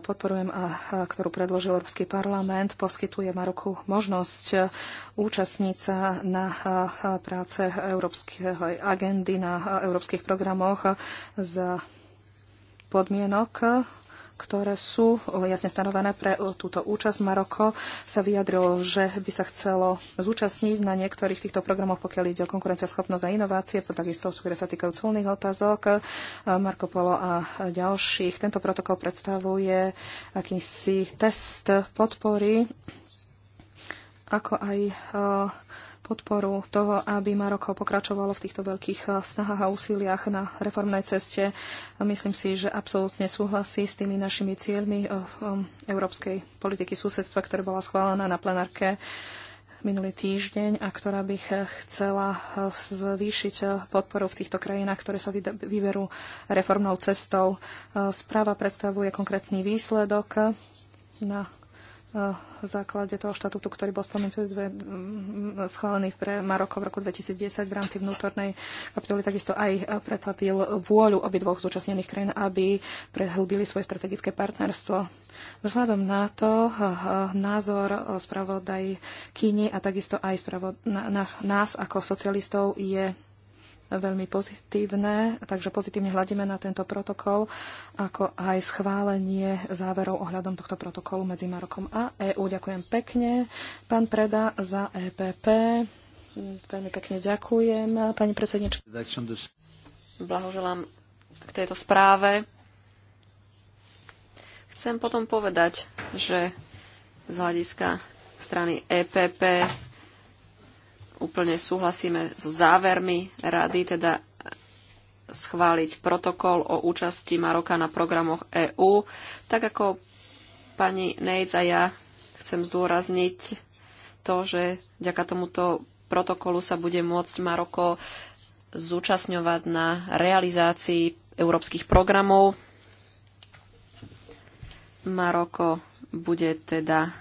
podporujem a ktorú predložil Európsky parlament, poskytuje Maroku možnosť e, účastniť sa na e, práce európskej agendy, na európskych programoch za podmienok, ktoré sú jasne stanovené pre túto účasť. Maroko sa vyjadrilo, že by sa chcelo zúčastniť na niektorých týchto programoch, pokiaľ ide o konkurenciaschopnosť a inovácie, takisto, ktoré sa týkajú colných otázok, e, Marko Polo a ďalších. Tento protokol predstavuje akýsi test podpory, ako aj e, podporu toho, aby Maroko pokračovalo v týchto veľkých eh, snahách a úsiliach na reformnej ceste. Myslím si, že absolútne súhlasí s tými našimi cieľmi eh, eh, európskej politiky susedstva, ktorá bola schválená na plenárke minulý týždeň a ktorá by chcela zvýšiť podporu v týchto krajinách, ktoré sa vyberú reformnou cestou. Správa predstavuje konkrétny výsledok na Eh, základe toho štatútu, ktorý bol spomenutý, eh, mm, schválený pre Maroko v roku 2010 v rámci vnútornej kapitoly, takisto aj eh, pretlapil vôľu obidvoch zúčastnených krajín, aby prehlbili svoje strategické partnerstvo. Vzhľadom na to názor spravodaj Kíny a takisto aj spravod na, na, nás ako socialistov je veľmi pozitívne, takže pozitívne hľadíme na tento protokol, ako aj schválenie záverov ohľadom tohto protokolu medzi Marokom a EÚ. Ďakujem pekne, pán Preda, za EPP. Veľmi pekne ďakujem, pani predsednička. Blahoželám k tejto správe. Chcem potom povedať, že z hľadiska strany EPP úplne súhlasíme so závermi rady, teda schváliť protokol o účasti Maroka na programoch EÚ. Tak ako pani Nejc a ja chcem zdôrazniť to, že vďaka tomuto protokolu sa bude môcť Maroko zúčastňovať na realizácii európskych programov. Maroko bude teda eh,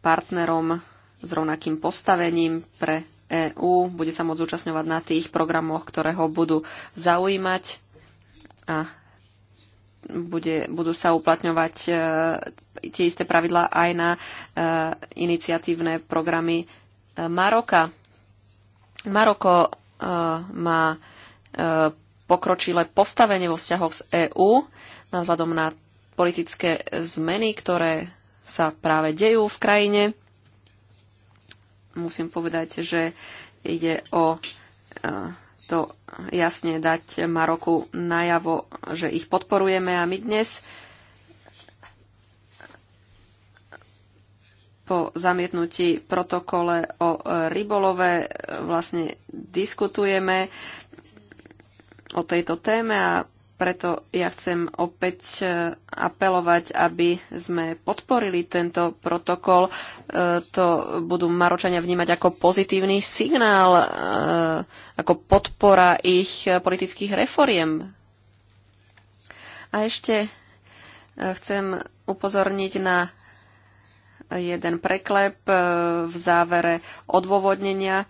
partnerom s rovnakým postavením pre EÚ, bude sa môcť zúčastňovať na tých programoch, ktoré ho budú zaujímať a bude, budú sa uplatňovať e, tie isté pravidlá aj na e, iniciatívne programy e, Maroka. Maroko e, má e, pokročilé postavenie vo vzťahoch s EÚ, vzhľadom na politické zmeny, ktoré sa práve dejú v krajine musím povedať, že ide o eh, to jasne dať Maroku najavo, že ich podporujeme a my dnes po zamietnutí protokole o eh, rybolove eh, vlastne diskutujeme o tejto téme a preto ja chcem opäť e, apelovať, aby sme podporili tento protokol. E, to budú Maročania vnímať ako pozitívny signál, e, ako podpora ich politických reforiem. A ešte chcem upozorniť na jeden preklep v závere odôvodnenia.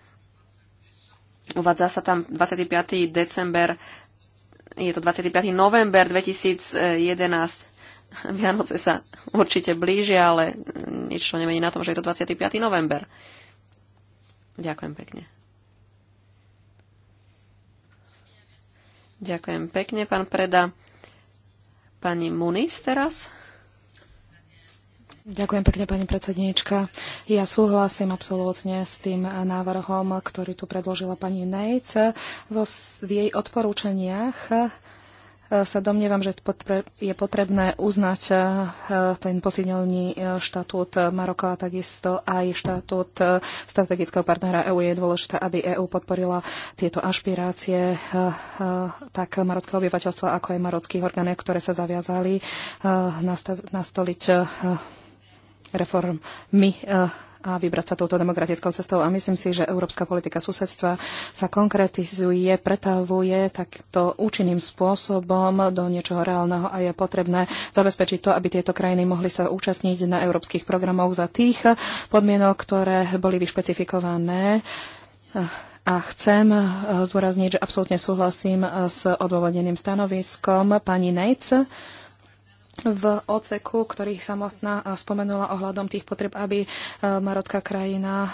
Uvádza sa tam 25. december je to 25. november 2011. Vianoce sa určite blížia, ale nič to nemení na tom, že je to 25. november. Ďakujem pekne. Ďakujem pekne, pán Preda. Pani Munis teraz. Ďakujem pekne, pani predsedníčka. Ja súhlasím absolútne s tým návrhom, ktorý tu predložila pani Nejc. Vo, v jej odporúčaniach e, sa domnievam, že je potrebné uznať e, ten posilnený e, štatút Maroka a takisto aj štatút strategického partnera EÚ. Je dôležité, aby EÚ podporila tieto ašpirácie tak marockého obyvateľstva, ako aj marockých orgánov, ktoré sa zaviazali nastoliť reformy eh, a vybrať sa touto demokratickou cestou. A myslím si, že európska politika susedstva sa konkretizuje, pretavuje takto účinným spôsobom do niečoho reálneho a je potrebné zabezpečiť to, aby tieto krajiny mohli sa účastniť na európskych programoch za tých podmienok, ktoré boli vyšpecifikované a chcem eh, zdôrazniť, že absolútne súhlasím s odôvodneným stanoviskom pani Nejc v oceku, ktorý samotná spomenula ohľadom tých potreb, aby e, marocká krajina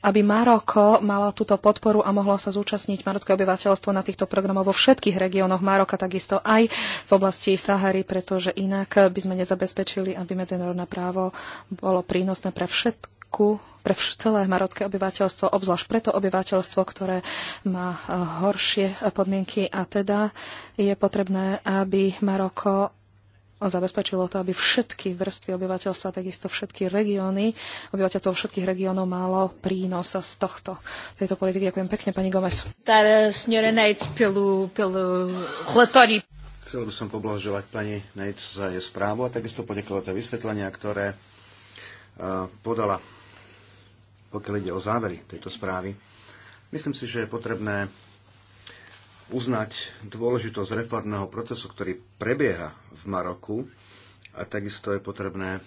aby Maroko malo túto podporu a mohlo sa zúčastniť marocké obyvateľstvo na týchto programoch vo všetkých regiónoch Maroka, takisto aj v oblasti Sahary, pretože inak by sme nezabezpečili, aby medzinárodné právo bolo prínosné pre všetku pre celé marocké obyvateľstvo, obzvlášť pre to obyvateľstvo, ktoré má e, horšie podmienky a teda je potrebné, aby Maroko zabezpečilo to, aby všetky vrstvy obyvateľstva, takisto všetky regióny, obyvateľstvo všetkých regiónov malo prínos z tohto, z tejto politiky. Ďakujem pekne, pani Gomez. Chcel by som poblahoželať pani Nejc za jej správu a takisto poďakovať za vysvetlenia, ktoré e, podala, pokiaľ ide o závery tejto správy. Myslím si, že je potrebné uznať dôležitosť reformného procesu, ktorý prebieha v Maroku a takisto je potrebné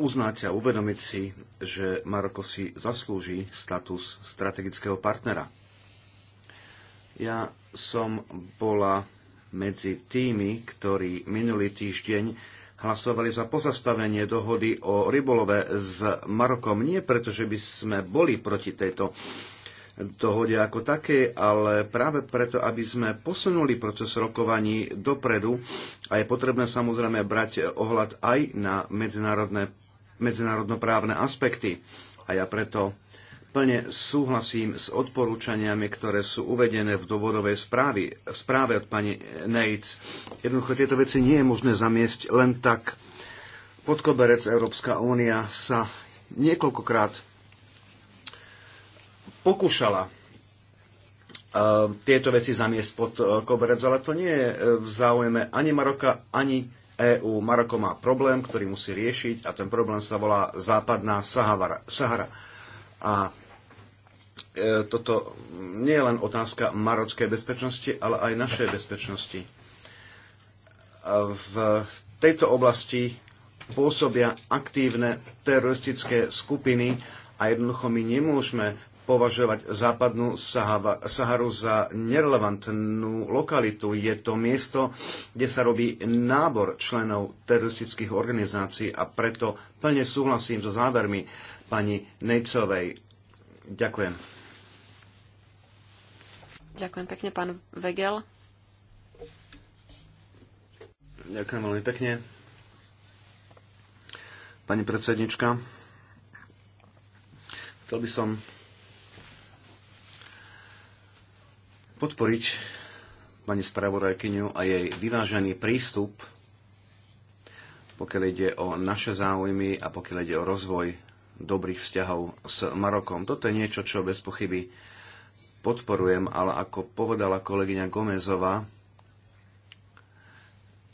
uznať a uvedomiť si, že Maroko si zaslúži status strategického partnera. Ja som bola medzi tými, ktorí minulý týždeň hlasovali za pozastavenie dohody o rybolove s Marokom. Nie preto, že by sme boli proti tejto dohode ako také, ale práve preto, aby sme posunuli proces rokovaní dopredu a je potrebné samozrejme brať ohľad aj na medzinárodné, medzinárodnoprávne aspekty. A ja preto plne súhlasím s odporúčaniami, ktoré sú uvedené v dôvodovej správy, v správe od pani Nates. Jednoducho tieto veci nie je možné zamiesť len tak. Pod koberec Európska únia sa niekoľkokrát pokúšala eh, tieto veci zamiesť pod eh, koberec, ale to nie je eh, v záujme ani Maroka, ani EÚ. Maroko má problém, ktorý musí riešiť a ten problém sa volá Západná Sahara. Sahara. A toto nie je len otázka marockej bezpečnosti, ale aj našej bezpečnosti. V tejto oblasti pôsobia aktívne teroristické skupiny a jednoducho my nemôžeme považovať západnú Sahava, Saharu za nerelevantnú lokalitu. Je to miesto, kde sa robí nábor členov teroristických organizácií a preto plne súhlasím so závermi pani Nejcovej. Ďakujem. Ďakujem pekne, pán Vegel. Ďakujem veľmi pekne. Pani predsednička, chcel by som podporiť pani spravodajkyňu a jej vyvážený prístup, pokiaľ ide o naše záujmy a pokiaľ ide o rozvoj dobrých vzťahov s Marokom. Toto je niečo, čo bez pochyby podporujem, ale ako povedala kolegyňa Gomezová,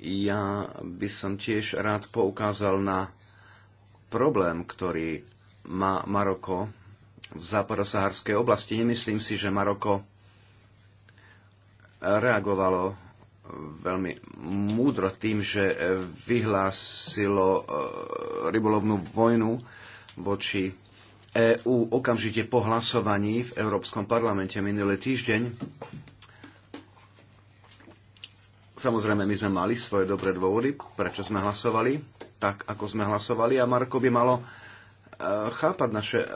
ja by som tiež rád poukázal na problém, ktorý má Maroko v západosaharskej oblasti. Nemyslím si, že Maroko reagovalo veľmi múdro tým, že vyhlásilo e, rybolovnú vojnu voči EÚ okamžite po hlasovaní v Európskom parlamente minulý týždeň. Samozrejme, my sme mali svoje dobré dôvody, prečo sme hlasovali tak, ako sme hlasovali a Marko by malo chápať naše eh,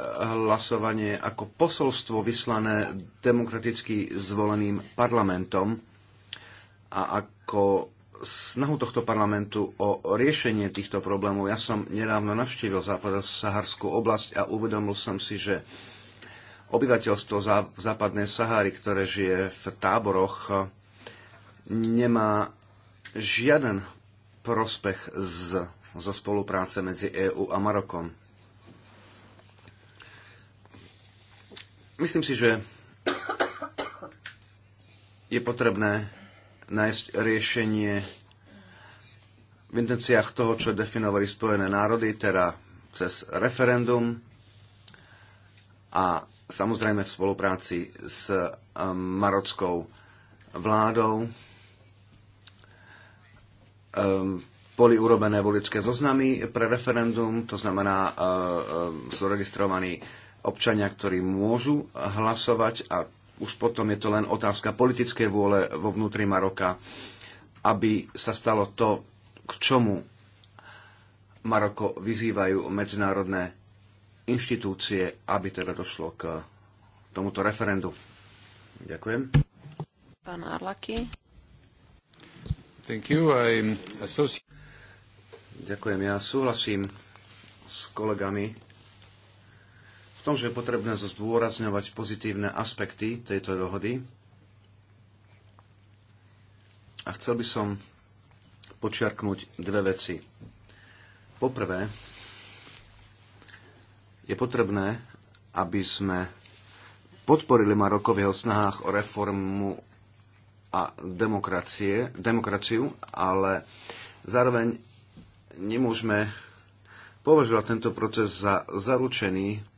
hlasovanie ako posolstvo vyslané demokraticky zvoleným parlamentom a ako snahu tohto parlamentu o riešenie týchto problémov. Ja som nedávno navštívil západo-saharskú oblasť a uvedomil som si, že obyvateľstvo západnej Sahary, ktoré žije v táboroch, nemá žiaden prospech z, zo spolupráce medzi EÚ a Marokom. Myslím si, že je potrebné nájsť riešenie v intenciách toho, čo definovali Spojené národy, teda cez referendum a samozrejme v spolupráci s um, marockou vládou. Um, boli urobené voličské zoznamy pre referendum, to znamená, uh, uh, sú registrovaní občania, ktorí môžu hlasovať a už potom je to len otázka politickej vôle vo vnútri Maroka, aby sa stalo to, k čomu Maroko vyzývajú medzinárodné inštitúcie, aby teda došlo k tomuto referendu. Ďakujem. Pán Arlaki. Thank you. I associate... Ďakujem. Ja súhlasím s kolegami tom, že je potrebné zdôrazňovať pozitívne aspekty tejto dohody. A chcel by som počiarknúť dve veci. Poprvé, je potrebné, aby sme podporili Maroko v jeho snahách o reformu a demokracie, demokraciu, ale zároveň nemôžeme považovať tento proces za zaručený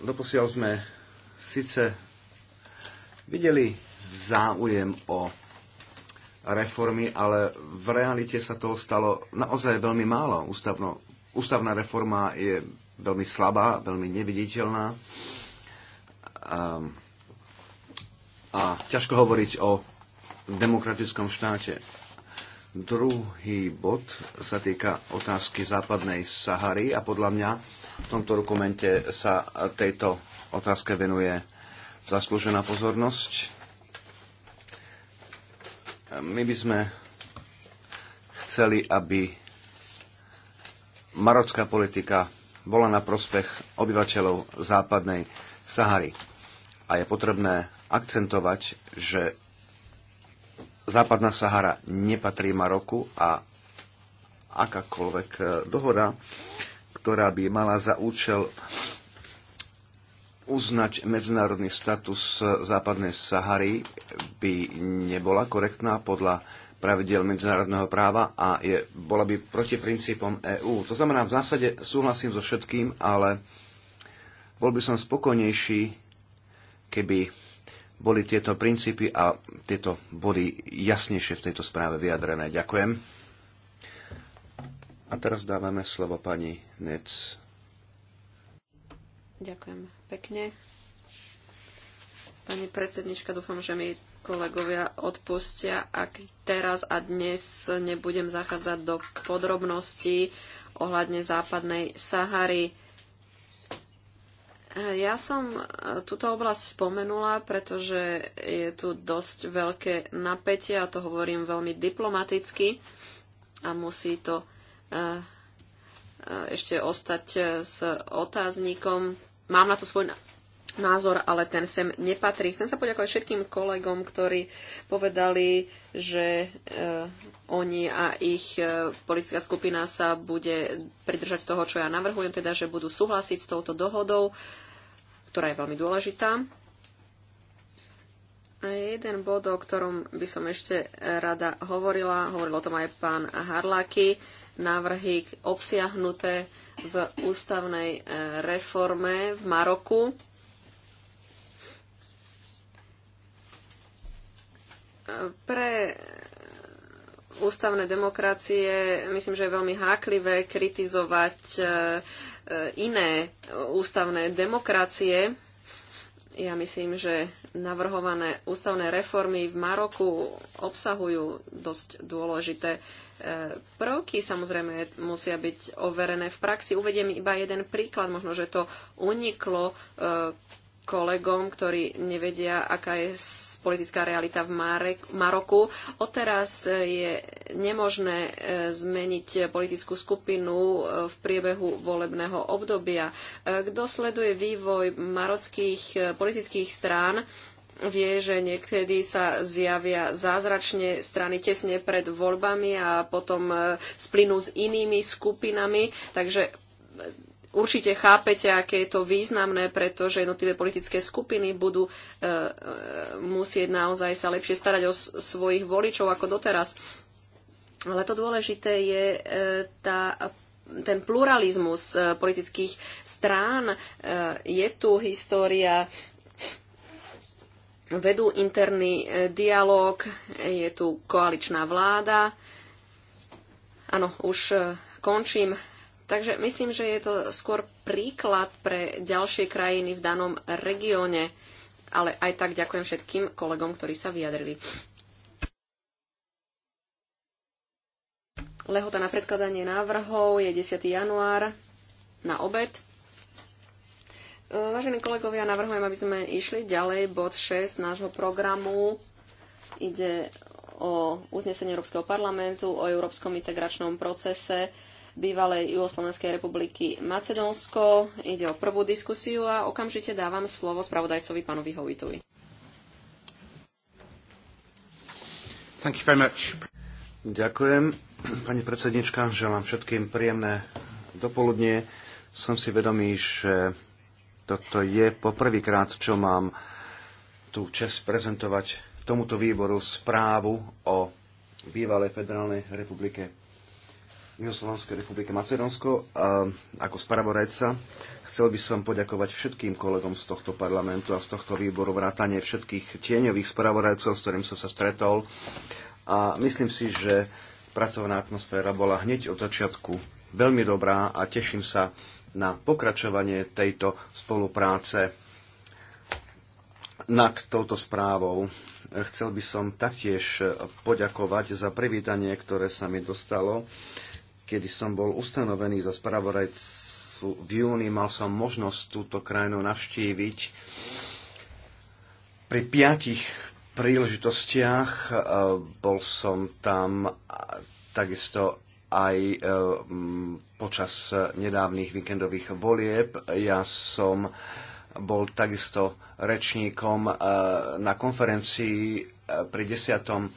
Doposiaľ sme síce videli záujem o reformy, ale v realite sa toho stalo naozaj veľmi málo. Ústavno, ústavná reforma je veľmi slabá, veľmi neviditeľná. A, a ťažko hovoriť o demokratickom štáte. Druhý bod sa týka otázky západnej Sahary a podľa mňa tomto dokumente sa tejto otázke venuje zaslúžená pozornosť. My by sme chceli, aby marocká politika bola na prospech obyvateľov západnej Sahary. A je potrebné akcentovať, že západná Sahara nepatrí Maroku a akákoľvek eh, dohoda ktorá by mala za účel uznať medzinárodný status západnej Sahary by nebola korektná podľa pravidel medzinárodného práva a je, bola by proti princípom EÚ. To znamená, v zásade súhlasím so všetkým, ale bol by som spokojnejší, keby boli tieto princípy a tieto body jasnejšie v tejto správe vyjadrené. Ďakujem. A teraz dávame slovo pani Nec. Ďakujem pekne. Pani predsednička, dúfam, že mi kolegovia odpustia, ak teraz a dnes nebudem zachádzať do podrobností ohľadne západnej Sahary. Ja som túto oblasť spomenula, pretože je tu dosť veľké napätie a to hovorím veľmi diplomaticky a musí to ešte ostať e, s otáznikom. Mám na to svoj názor, ale ten sem nepatrí. Chcem sa poďakovať všetkým kolegom, ktorí povedali, že e, oni a ich e, politická skupina sa bude pridržať toho, čo ja navrhujem, teda, že budú súhlasiť s touto dohodou, ktorá je veľmi dôležitá. A jeden bod, o ktorom by som ešte rada hovorila, hovoril o tom aj pán Harláky, návrhy obsiahnuté v ústavnej e, reforme v Maroku. E, pre e, ústavné demokracie myslím, že je veľmi háklivé kritizovať iné ústavné demokracie. Ja myslím, že navrhované ústavné reformy v Maroku obsahujú dosť dôležité E, prvky samozrejme musia byť overené v praxi. Uvediem iba jeden príklad, možno, že to uniklo e, kolegom, ktorí nevedia, aká je politická realita v Maroku. Odteraz e, je nemožné zmeniť politickú skupinu v priebehu volebného obdobia. Kto sleduje vývoj marockých politických strán, vie, že niekedy sa zjavia zázračne strany tesne pred voľbami a potom e, splynú s inými skupinami. Takže e, určite chápete, aké je to významné, pretože jednotlivé politické skupiny budú e, musieť naozaj sa lepšie starať o svojich voličov ako doteraz. Ale to dôležité je tá ten pluralizmus politických strán. Je tu história vedú interný e, dialog, je tu koaličná vláda. Áno, už e, končím. Takže myslím, že je to skôr príklad pre ďalšie krajiny v danom regióne. Ale aj tak ďakujem všetkým kolegom, ktorí sa vyjadrili. Lehota na predkladanie návrhov je 10. január na obed. Vážení kolegovia, navrhujem, aby sme išli ďalej. Bod 6 nášho programu ide o uznesenie Európskeho parlamentu o európskom integračnom procese bývalej Juhoslovenskej republiky Macedónsko. Ide o prvú diskusiu a okamžite dávam slovo spravodajcovi pánovi Hovitovi. Ďakujem, pani predsednička. Želám všetkým príjemné dopoludnie. Som si vedomý, že toto je poprvýkrát, čo mám tú čest prezentovať tomuto výboru správu o bývalej federálnej republike Jugoslovanskej republike Macedónsko. Ako spravodajca chcel by som poďakovať všetkým kolegom z tohto parlamentu a z tohto výboru vrátane všetkých tieňových spravodajcov, s ktorým som sa stretol. A myslím si, že pracovná atmosféra bola hneď od začiatku veľmi dobrá a teším sa na pokračovanie tejto spolupráce nad touto správou. Chcel by som taktiež poďakovať za privítanie, ktoré sa mi dostalo, kedy som bol ustanovený za spravodajcu v júni. Mal som možnosť túto krajinu navštíviť pri piatich príležitostiach. E, bol som tam takisto aj e, počas eh, nedávnych víkendových volieb. Ja som bol takisto rečníkom eh, na konferencii eh, pri desiatom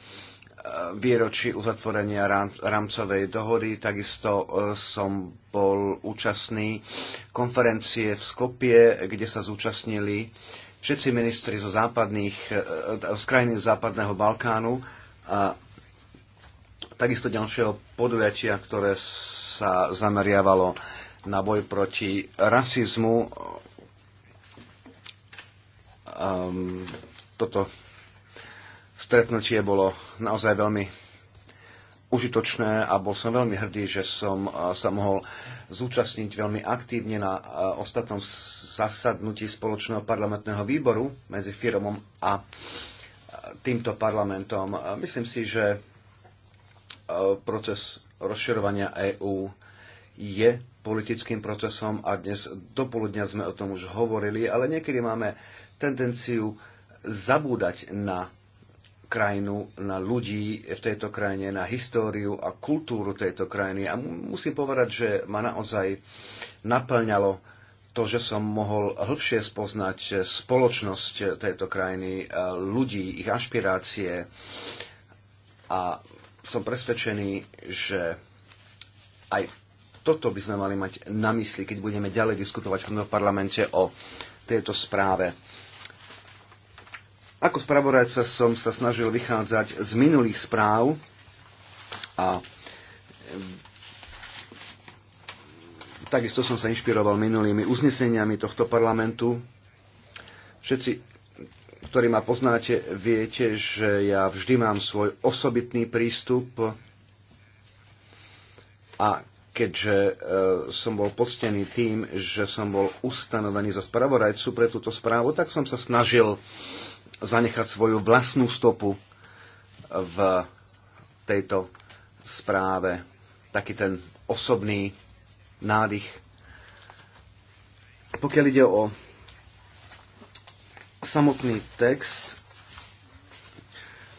výročí uzatvorenia rámcovej dohody. Takisto som bol účastný konferencie v Skopie, kde sa zúčastnili všetci ministri zo západných, z krajiny západného Balkánu a takisto ďalšieho podujatia, ktoré sa zameriavalo na boj proti rasizmu. Um, toto stretnutie bolo naozaj veľmi užitočné a bol som veľmi hrdý, že som sa mohol zúčastniť veľmi aktívne na ostatnom zasadnutí spoločného parlamentného výboru medzi firmom a týmto parlamentom. Myslím si, že E, proces rozširovania EÚ je politickým procesom a dnes dopoludňa sme o tom už hovorili, ale niekedy máme tendenciu zabúdať na krajinu, na ľudí v tejto krajine, na históriu a kultúru tejto krajiny. A musím povedať, že ma naozaj naplňalo to, že som mohol hĺbšie spoznať spoločnosť tejto krajiny, e, ľudí, ich ašpirácie a som presvedčený, že aj toto by sme mali mať na mysli, keď budeme ďalej diskutovať v parlamente o tejto správe. Ako spravodajca som sa snažil vychádzať z minulých správ a takisto som sa inšpiroval minulými uzneseniami tohto parlamentu. Všetci ktorí ma poznáte, viete, že ja vždy mám svoj osobitný prístup a keďže e, som bol poctený tým, že som bol ustanovený za spravodajcu pre túto správu, tak som sa snažil zanechať svoju vlastnú stopu v tejto správe. Taký ten osobný nádych. Pokiaľ ide o samotný text.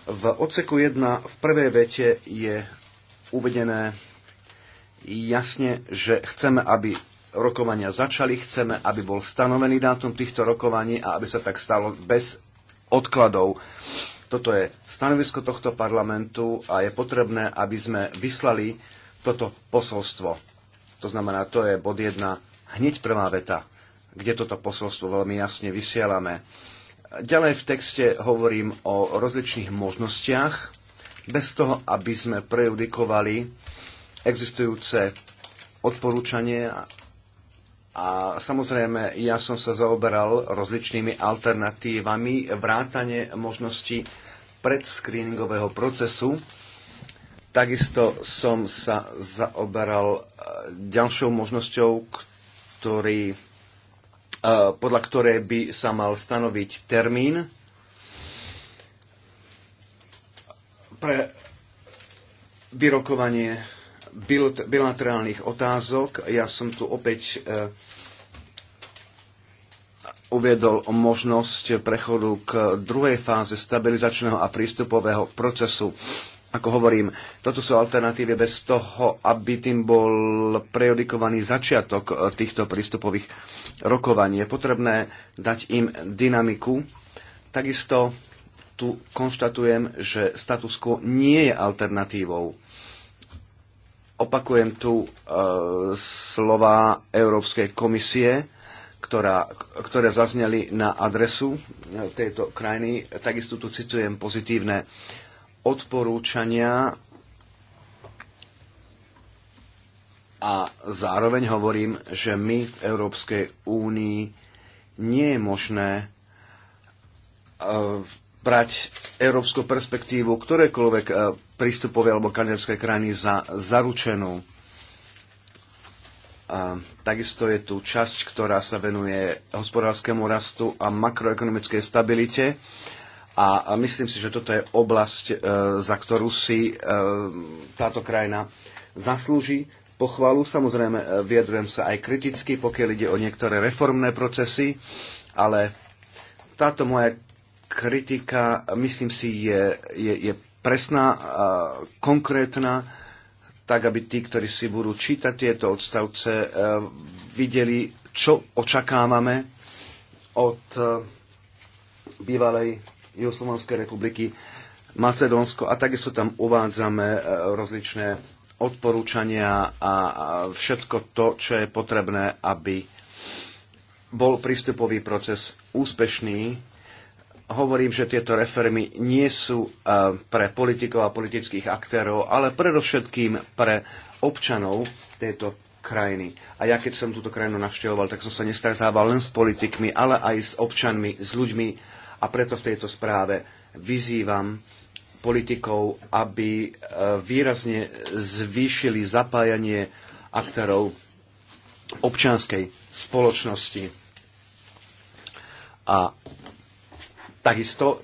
V odseku 1 v prvej vete je uvedené jasne, že chceme, aby rokovania začali, chceme, aby bol stanovený dátum týchto rokovaní a aby sa tak stalo bez odkladov. Toto je stanovisko tohto parlamentu a je potrebné, aby sme vyslali toto posolstvo. To znamená, to je bod 1, hneď prvá veta, kde toto posolstvo veľmi jasne vysielame. Ďalej v texte hovorím o rozličných možnostiach, bez toho, aby sme prejudikovali existujúce odporúčanie a samozrejme ja som sa zaoberal rozličnými alternatívami vrátane možnosti predskríningového procesu. Takisto som sa zaoberal e, ďalšou možnosťou, ktorý podľa ktoré by sa mal stanoviť termín pre vyrokovanie bilaterálnych otázok. Ja som tu opäť e, uviedol možnosť prechodu k druhej fáze stabilizačného a prístupového procesu ako hovorím, toto sú alternatívy bez toho, aby tým bol prejudikovaný začiatok eh, týchto prístupových rokovaní. Je potrebné dať im dynamiku. Takisto tu konštatujem, že status quo nie je alternatívou. Opakujem tu e, slova Európskej komisie, ktorá, ktoré zazneli na adresu eh, tejto krajiny. Takisto tu citujem pozitívne odporúčania a zároveň hovorím, že my v Európskej únii nie je možné e, brať európsku perspektívu ktorékoľvek e, prístupové alebo kandidátske krajiny za zaručenú. A takisto je tu časť, ktorá sa venuje hospodárskému rastu a makroekonomickej stabilite. A myslím si, že toto je oblasť, e, za ktorú si e, táto krajina zaslúži pochvalu. Samozrejme, e, vyjadrujem sa aj kriticky, pokiaľ ide o niektoré reformné procesy, ale táto moja kritika, myslím si, je, je, je presná, a konkrétna, tak aby tí, ktorí si budú čítať tieto odstavce, videli, čo očakávame od bývalej Juhoslovanskej republiky, Macedónsko a takisto tam uvádzame e, rozličné odporúčania a všetko to, čo je potrebné, aby bol prístupový proces úspešný. Hovorím, že tieto reformy nie sú e, pre politikov a politických aktérov, ale predovšetkým pre občanov tejto krajiny. A ja keď som túto krajinu navštevoval, tak som sa nestretával len s politikmi, ale aj s občanmi, s ľuďmi, a preto v tejto správe vyzývam politikov, aby e, výrazne zvýšili zapájanie aktérov občianskej spoločnosti. A takisto,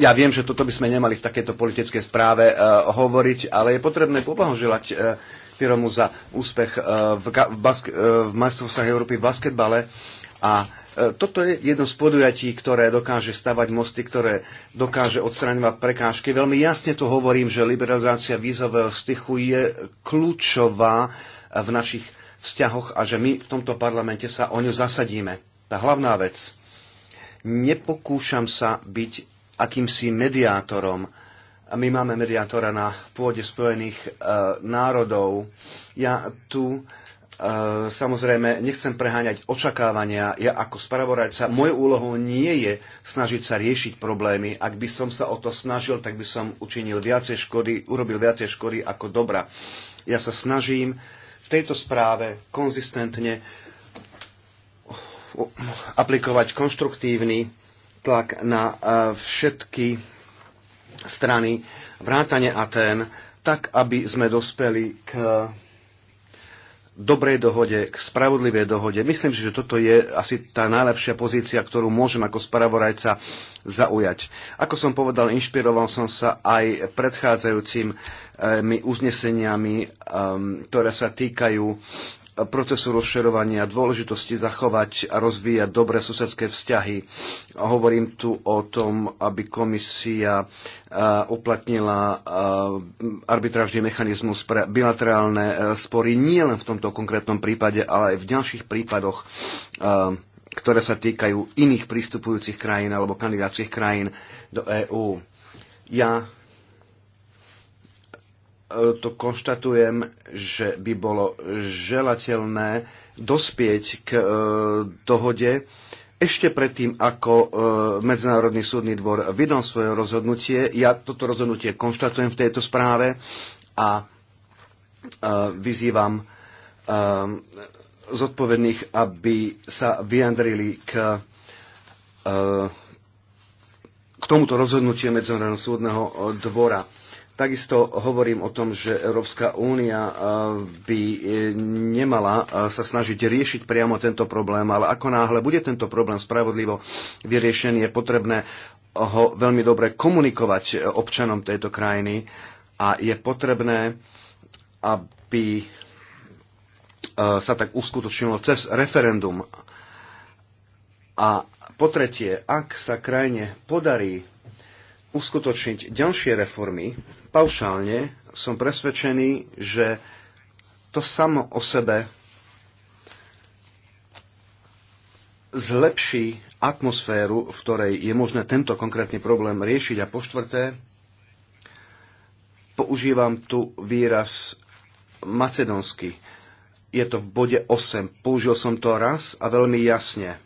ja viem, že toto by sme nemali v takejto politickej správe uh, hovoriť, ale je potrebné poblahoželať uh, Piromu za úspech uh, v, v, uh, v majstrovstvách Európy v basketbale a toto je jedno z podujatí, ktoré dokáže stavať mosty, ktoré dokáže odstraňovať prekážky. Veľmi jasne to hovorím, že liberalizácia vízového stychu je kľúčová v našich vzťahoch a že my v tomto parlamente sa o ňu zasadíme. Tá hlavná vec. Nepokúšam sa byť akýmsi mediátorom. My máme mediátora na pôde Spojených e, národov. Ja tu E, samozrejme, nechcem preháňať očakávania. Ja ako spravodajca, mojou úlohou nie je snažiť sa riešiť problémy. Ak by som sa o to snažil, tak by som učinil viacej škody, urobil viacej škody ako dobra. Ja sa snažím v tejto správe konzistentne aplikovať konštruktívny tlak na e, všetky strany vrátane Atén, tak aby sme dospeli k dobrej dohode, k spravodlivej dohode. Myslím si, že toto je asi tá najlepšia pozícia, ktorú môžem ako spravorajca zaujať. Ako som povedal, inšpiroval som sa aj predchádzajúcimi uzneseniami, um, ktoré sa týkajú procesu rozširovania dôležitosti zachovať a rozvíjať dobré susedské vzťahy. Hovorím tu o tom, aby komisia uplatnila arbitrážny mechanizmus pre bilaterálne e, spory nielen v tomto konkrétnom prípade, ale aj v ďalších prípadoch, ktoré sa týkajú iných prístupujúcich krajín alebo kandidátskych krajín do EÚ. Ja to konštatujem, že by bolo želateľné dospieť k e, dohode ešte predtým, ako e, Medzinárodný súdny dvor vydal svoje rozhodnutie. Ja toto rozhodnutie konštatujem v tejto správe a e, vyzývam zodpovedných, aby sa vyjadrili k, k tomuto rozhodnutiu Medzinárodného súdneho dvora Takisto hovorím o tom, že Európska únia eh, by eh, nemala eh, sa snažiť riešiť priamo tento problém, ale ako náhle bude tento problém spravodlivo vyriešený, je potrebné ho veľmi dobre komunikovať občanom tejto krajiny a je potrebné, aby sa tak uskutočnilo cez referendum. A po tretie, ak sa krajine podarí uskutočniť ďalšie reformy, paušálne, som presvedčený, že to samo o sebe zlepší atmosféru, v ktorej je možné tento konkrétny problém riešiť. A po štvrté, používam tu výraz Macedonsky. Je to v bode 8. Použil som to raz a veľmi jasne. E,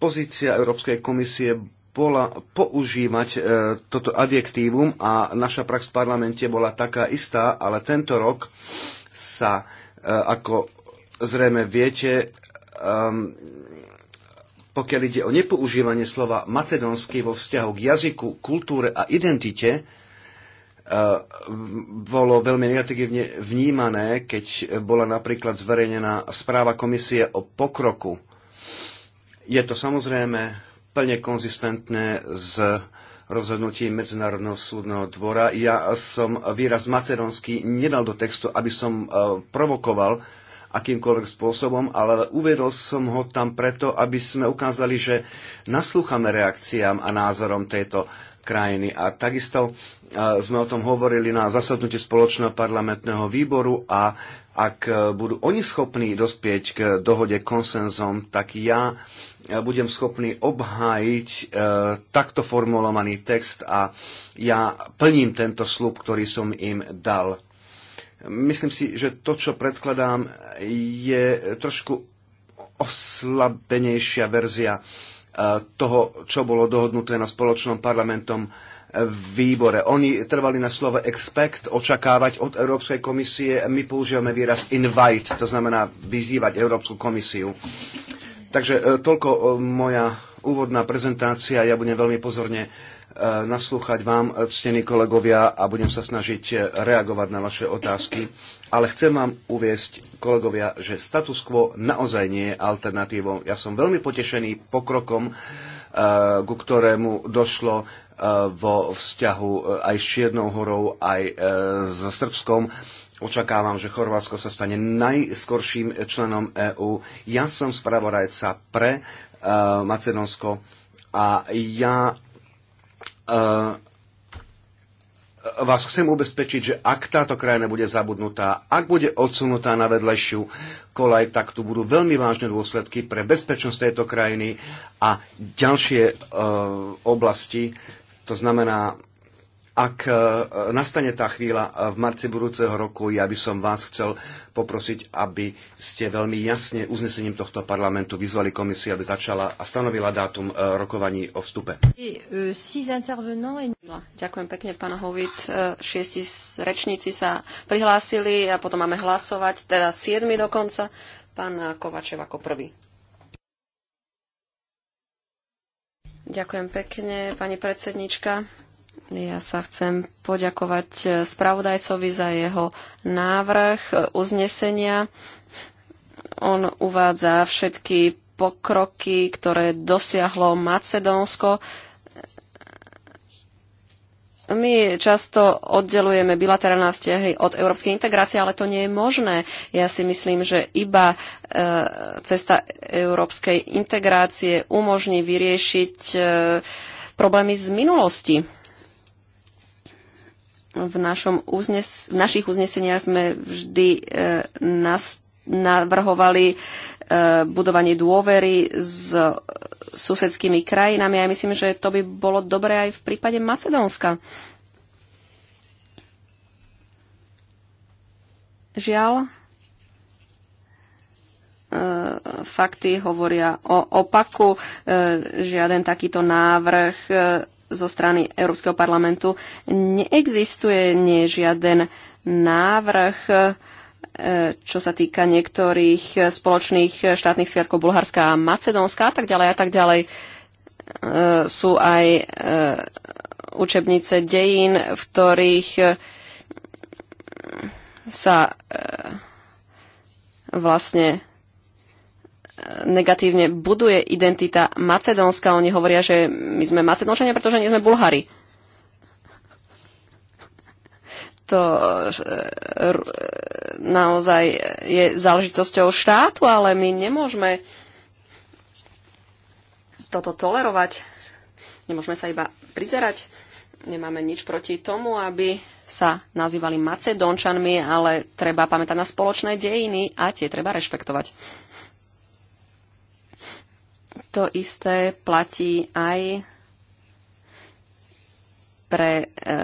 pozícia Európskej komisie pola, používať e, toto adjektívum a naša prax v parlamente bola taká istá, ale tento rok sa, e, ako zrejme viete, e, pokiaľ ide o nepoužívanie slova macedónsky vo vzťahu k jazyku, kultúre a identite, e, bolo veľmi negatívne vnímané, keď bola napríklad zverejnená správa komisie o pokroku. Je to samozrejme plne konzistentné s rozhodnutím Medzinárodného súdneho dvora. Ja som výraz macedonský nedal do textu, aby som e, provokoval akýmkoľvek spôsobom, ale uvedol som ho tam preto, aby sme ukázali, že naslúchame reakciám a názorom tejto krajiny. A takisto e, sme o tom hovorili na zasadnutí spoločného parlamentného výboru a ak e, budú oni schopní dospieť k dohode konsenzom, tak ja e, budem schopný obhájiť e, takto formulovaný text a ja plním tento slub, ktorý som im dal. Myslím si, že to, čo predkladám, je trošku oslabenejšia verzia toho, čo bolo dohodnuté na spoločnom parlamentom výbore. Oni trvali na slove expect, očakávať od Európskej komisie. My používame výraz invite, to znamená vyzývať Európsku komisiu. Takže e, toľko e, moja úvodná prezentácia. Ja budem veľmi pozorne e, naslúchať vám, ctení kolegovia, a budem sa snažiť reagovať na vaše otázky. Ale chcem vám uviesť, kolegovia, že status quo naozaj nie je alternatívou. Ja som veľmi potešený pokrokom, ku ktorému došlo Eh, vo vzťahu eh, aj s Čiernou horou, aj eh, so Srbskom. Očakávam, že Chorvátsko sa stane najskorším členom EÚ. Ja som spravodajca pre Macedónsko a ja vás chcem ubezpečiť, že ak táto krajina bude zabudnutá, ak bude odsunutá na vedlejšiu kolaj, tak tu budú veľmi vážne dôsledky pre bezpečnosť tejto krajiny a ďalšie e, oblasti, to znamená, ak e, nastane tá chvíľa e, v marci budúceho roku, ja by som vás chcel poprosiť, aby ste veľmi jasne uznesením tohto parlamentu vyzvali komisiu, aby začala a stanovila dátum e, rokovaní o vstupe. Ďakujem pekne, pán Hovit. Šiesti rečníci sa prihlásili a potom máme hlasovať, teda siedmi dokonca. Pán Kovačev ako prvý. Ďakujem pekne, pani predsednička. Ja sa chcem poďakovať spravodajcovi za jeho návrh uznesenia. On uvádza všetky pokroky, ktoré dosiahlo Macedónsko my často oddelujeme bilaterálne vzťahy od európskej integrácie, ale to nie je možné. Ja si myslím, že iba e, cesta európskej integrácie umožní vyriešiť e, problémy z minulosti. V, našom uznes- v našich uzneseniach sme vždy e, navrhovali e, budovanie dôvery s susedskými krajinami. A ja myslím, že to by bolo dobré aj v prípade Macedónska. Žiaľ, e, fakty hovoria o opaku. E, žiaden takýto návrh zo strany Európskeho parlamentu neexistuje, nie žiaden návrh E, čo sa týka niektorých spoločných štátnych sviatkov Bulharska a Macedónska a tak ďalej a tak ďalej. E, sú aj e, učebnice dejín, v ktorých sa vlastne negatívne buduje identita Macedónska. Oni hovoria, že my sme Macedónčania, pretože nie sme Bulhári to e, e, naozaj je záležitosťou štátu, ale my nemôžeme toto tolerovať. Nemôžeme sa iba prizerať. Nemáme nič proti tomu, aby sa nazývali Macedončanmi, ale treba pamätať na spoločné dejiny a tie treba rešpektovať. To isté platí aj pre e,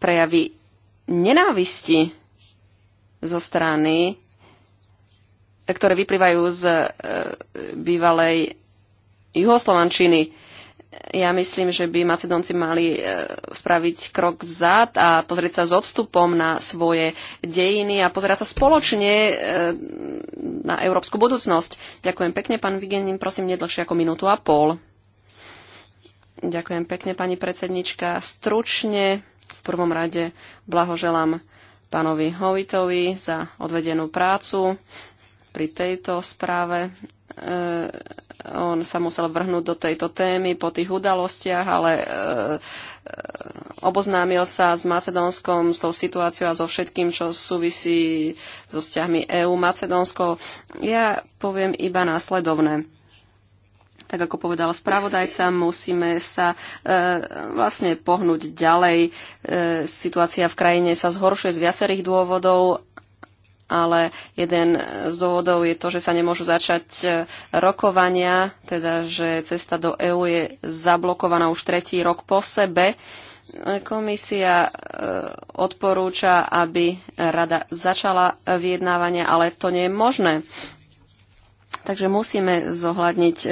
prejavy nenávisti zo strany, ktoré vyplývajú z e, bývalej juhoslovančiny. Ja myslím, že by Macedónci mali e, spraviť krok vzad a pozrieť sa s odstupom na svoje dejiny a pozerať sa spoločne e, na európsku budúcnosť. Ďakujem pekne, pán Vigenin, prosím, nedlhšie ako minútu a pol. Ďakujem pekne, pani predsednička. Stručne v prvom rade blahoželám pánovi Hovitovi za odvedenú prácu pri tejto správe. E, on sa musel vrhnúť do tejto témy po tých udalostiach, ale e, e, oboznámil sa s Macedónskom, s tou situáciou a so všetkým, čo súvisí so vzťahmi EÚ-Macedónsko. Ja poviem iba následovné tak ako povedal spravodajca, musíme sa e, vlastne pohnúť ďalej. E, situácia v krajine sa zhoršuje z viacerých dôvodov, ale jeden z dôvodov je to, že sa nemôžu začať e, rokovania, teda že cesta do EÚ je zablokovaná už tretí rok po sebe. Komisia e, odporúča, aby rada začala vyjednávanie, ale to nie je možné. Takže musíme zohľadniť e,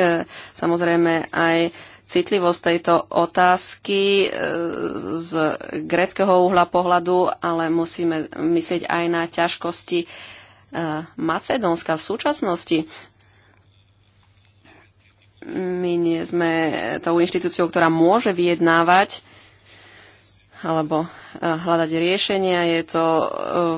samozrejme aj citlivosť tejto otázky e, z greckého uhla pohľadu, ale musíme myslieť aj na ťažkosti e, Macedónska v súčasnosti. My nie sme tou inštitúciou, ktorá môže vyjednávať alebo eh, hľadať riešenia. Je to eh,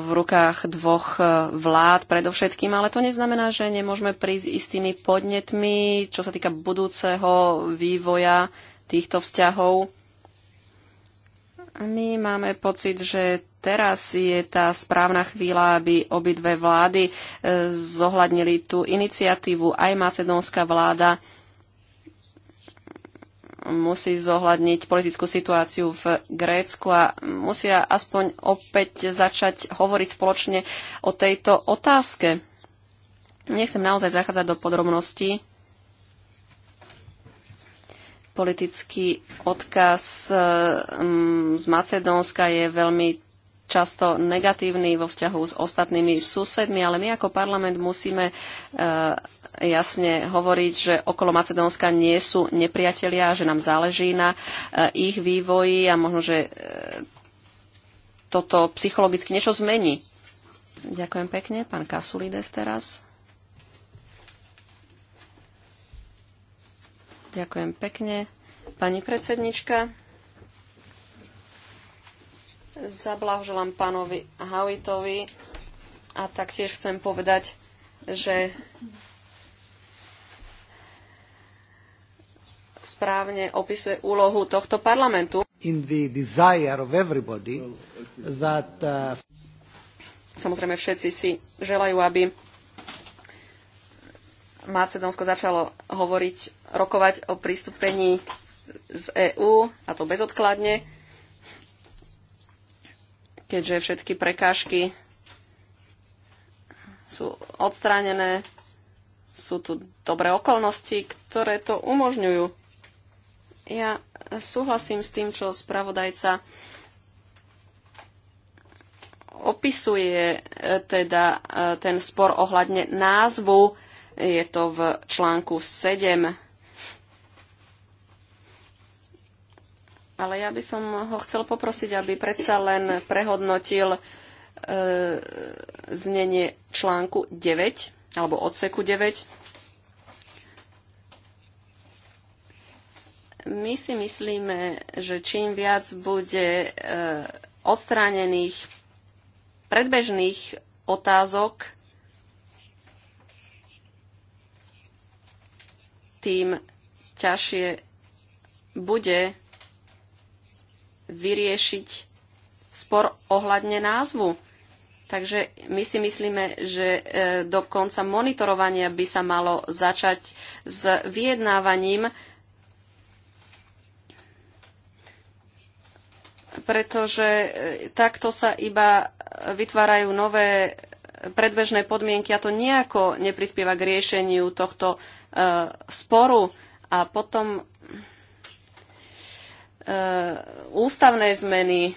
v rukách dvoch eh, vlád predovšetkým, ale to neznamená, že nemôžeme prísť istými podnetmi, čo sa týka budúceho vývoja týchto vzťahov. My máme pocit, že teraz je tá správna chvíľa, aby obidve vlády zohľadnili tú iniciatívu, aj macedónska vláda, musí zohľadniť politickú situáciu v Grécku a musia aspoň opäť začať hovoriť spoločne o tejto otázke. Nechcem naozaj zachádzať do podrobností. Politický odkaz mm, z Macedónska je veľmi často negatívny vo vzťahu s ostatnými susedmi, ale my ako parlament musíme eh, jasne hovoriť, že okolo Macedónska nie sú nepriatelia, že nám záleží na eh, ich vývoji a možno, že eh, toto psychologicky niečo zmení. Ďakujem pekne. Pán Kasulides teraz. Ďakujem pekne. Pani predsednička, zablahoželám pánovi Hawitovi a taktiež chcem povedať, že správne opisuje úlohu tohto parlamentu. In the desire of everybody that, uh... Samozrejme, všetci si želajú, aby Macedónsko začalo hovoriť, rokovať o prístupení z EÚ, a to bezodkladne, keďže všetky prekážky sú odstránené, sú tu dobré okolnosti, ktoré to umožňujú. Ja súhlasím s tým, čo spravodajca opisuje e, teda e, ten spor ohľadne názvu. Je to v článku 7. Ale ja by som ho chcel poprosiť, aby predsa len prehodnotil e, znenie článku 9 alebo odseku 9 My si myslíme, že čím viac bude e, odstránených predbežných otázok, tým ťažšie bude vyriešiť spor ohľadne názvu. Takže my si myslíme, že e, do konca monitorovania by sa malo začať s vyjednávaním pretože e, takto sa iba vytvárajú nové predbežné podmienky a to nejako neprispieva k riešeniu tohto e, sporu. A potom e, ústavné zmeny,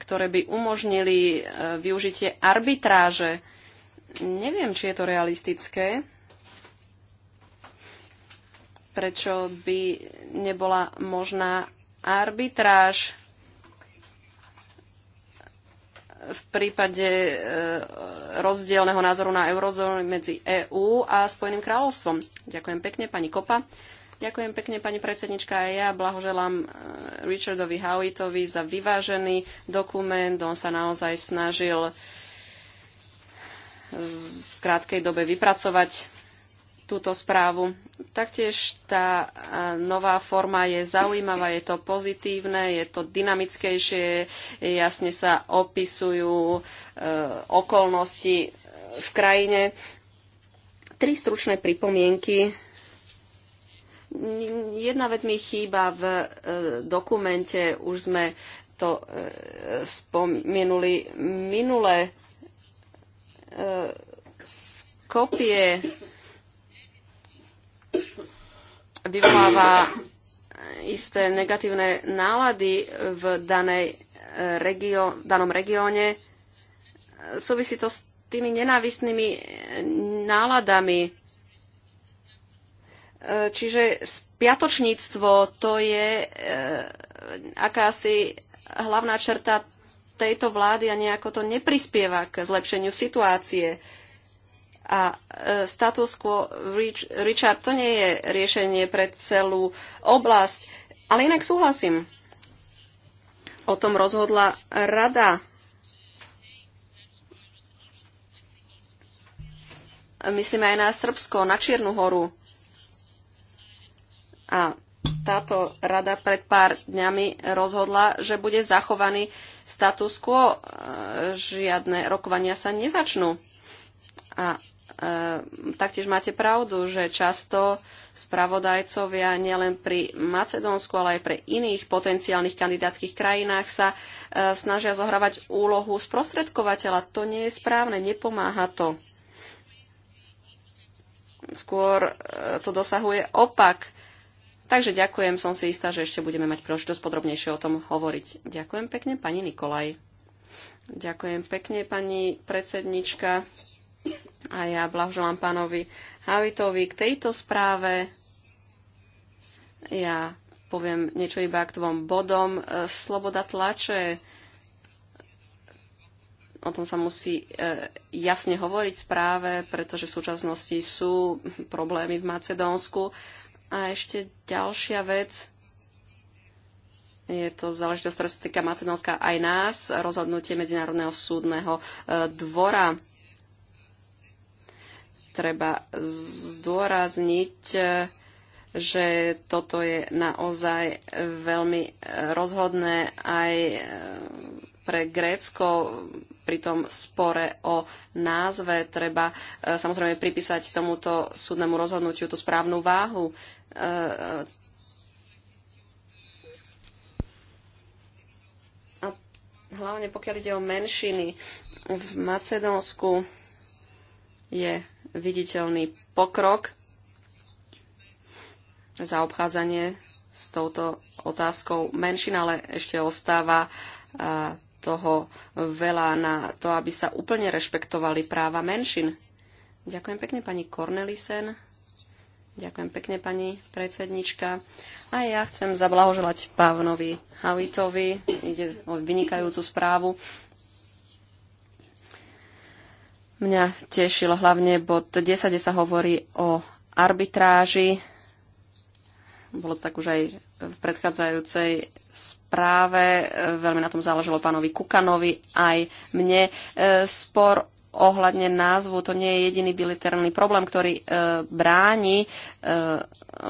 ktoré by umožnili využitie arbitráže, neviem, či je to realistické. Prečo by nebola možná arbitráž v prípade e, rozdielneho názoru na eurozónu medzi EÚ a Spojeným kráľovstvom. Ďakujem pekne, pani Kopa. Ďakujem pekne, pani predsednička. A ja blahoželám e, Richardovi Howitovi za vyvážený dokument. On sa naozaj snažil v krátkej dobe vypracovať túto správu. Taktiež tá nová forma je zaujímavá, je to pozitívne, je to dynamickejšie, jasne sa opisujú e, okolnosti v krajine. Tri stručné pripomienky. Jedna vec mi chýba v e, dokumente, už sme to e, spomenuli minule. E, kopie vyvoláva isté negatívne nálady v danej eh, regio- danom regióne. Súvisí to s tými nenávistnými eh, náladami. Eh, čiže spiatočníctvo to je akási hlavná črta tejto vlády a nejako to neprispieva k zlepšeniu situácie. A e, status quo Richard, to nie je riešenie pre celú oblasť, ale inak súhlasím. O tom rozhodla rada. Myslím aj na Srbsko, na Čiernu horu. A táto rada pred pár dňami rozhodla, že bude zachovaný status quo. E, žiadne rokovania sa nezačnú. A Ehm, taktiež máte pravdu, že často spravodajcovia nielen pri Macedónsku, ale aj pre iných potenciálnych kandidátskych krajinách sa e, snažia zohrávať úlohu sprostredkovateľa. To nie je správne, nepomáha to. Skôr e, to dosahuje opak. Takže ďakujem, som si istá, že ešte budeme mať príležitosť podrobnejšie o tom hovoriť. Ďakujem pekne, pani Nikolaj. Ďakujem pekne, pani predsednička. A ja blahoželám pánovi Havitovi k tejto správe. Ja poviem niečo iba k tvojom bodom. E, Sloboda tlače, o tom sa musí e, jasne hovoriť správe, pretože v súčasnosti sú problémy v Macedónsku. A ešte ďalšia vec, je to záležitosť, ktorá sa týka Macedónska aj nás, rozhodnutie Medzinárodného súdneho e, dvora treba zdôrazniť, e, že toto je naozaj veľmi e, rozhodné aj e, pre Grécko pri tom spore o názve treba samozrejme pripísať tomuto súdnemu rozhodnutiu tú správnu váhu. A hlavne pokiaľ ide o menšiny v Macedónsku, je viditeľný pokrok za obchádzanie s touto otázkou menšin, ale ešte ostáva toho veľa na to, aby sa úplne rešpektovali práva menšin. Ďakujem pekne pani Cornelisen. Ďakujem pekne pani predsednička. A ja chcem zablahoželať pánovi Havitovi. Ide o vynikajúcu správu. Mňa tešilo hlavne bod 10, kde sa hovorí o arbitráži. Bolo to tak už aj v predchádzajúcej správe. Veľmi na tom záležalo pánovi Kukanovi, aj mne. E, spor ohľadne názvu, to nie je jediný biliterálny problém, ktorý e, bráni e,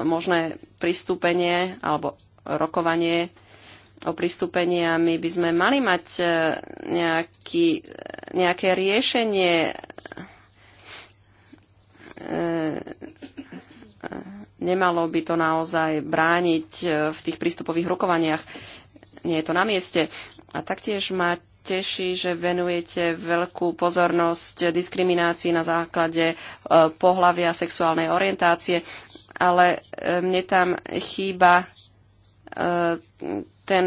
možné pristúpenie alebo rokovanie o pristúpenie a my by sme mali mať nejaký nejaké riešenie. E, nemalo by to naozaj brániť e, v tých prístupových rokovaniach. Nie je to na mieste. A taktiež ma teší, že venujete veľkú pozornosť diskriminácii na základe e, pohlavia sexuálnej orientácie, ale mne tam chýba ten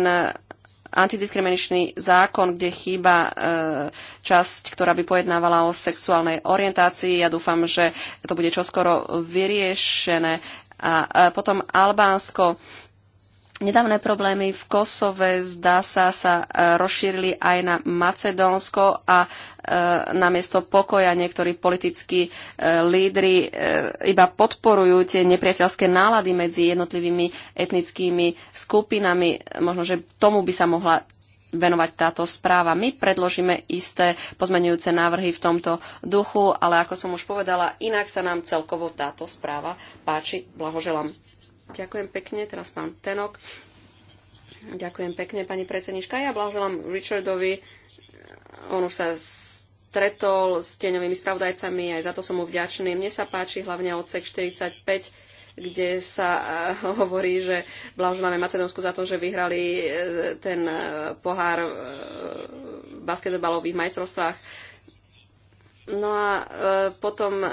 antidiskriminačný zákon, kde chýba e, časť, ktorá by pojednávala o sexuálnej orientácii. Ja dúfam, že to bude čoskoro vyriešené. A e, potom Albánsko. Nedávne problémy v Kosove, zdá sa, sa e, rozšírili aj na Macedónsko a e, namiesto pokoja niektorí politickí e, lídry e, iba podporujú tie nepriateľské nálady medzi jednotlivými etnickými skupinami. Možno, že tomu by sa mohla venovať táto správa. My predložíme isté pozmenujúce návrhy v tomto duchu, ale ako som už povedala, inak sa nám celkovo táto správa páči. Blahoželám. Ďakujem pekne, teraz pán Tenok. Ďakujem pekne, pani predsednička. Ja blahoželám Richardovi. On už sa stretol s tieňovými spravodajcami, aj za to som mu vďačný. Mne sa páči hlavne odsek 45, kde sa eh, hovorí, že blahoželáme Macedónsku za to, že vyhrali eh, ten eh, pohár v basketbalových majstrovstvách. No a potom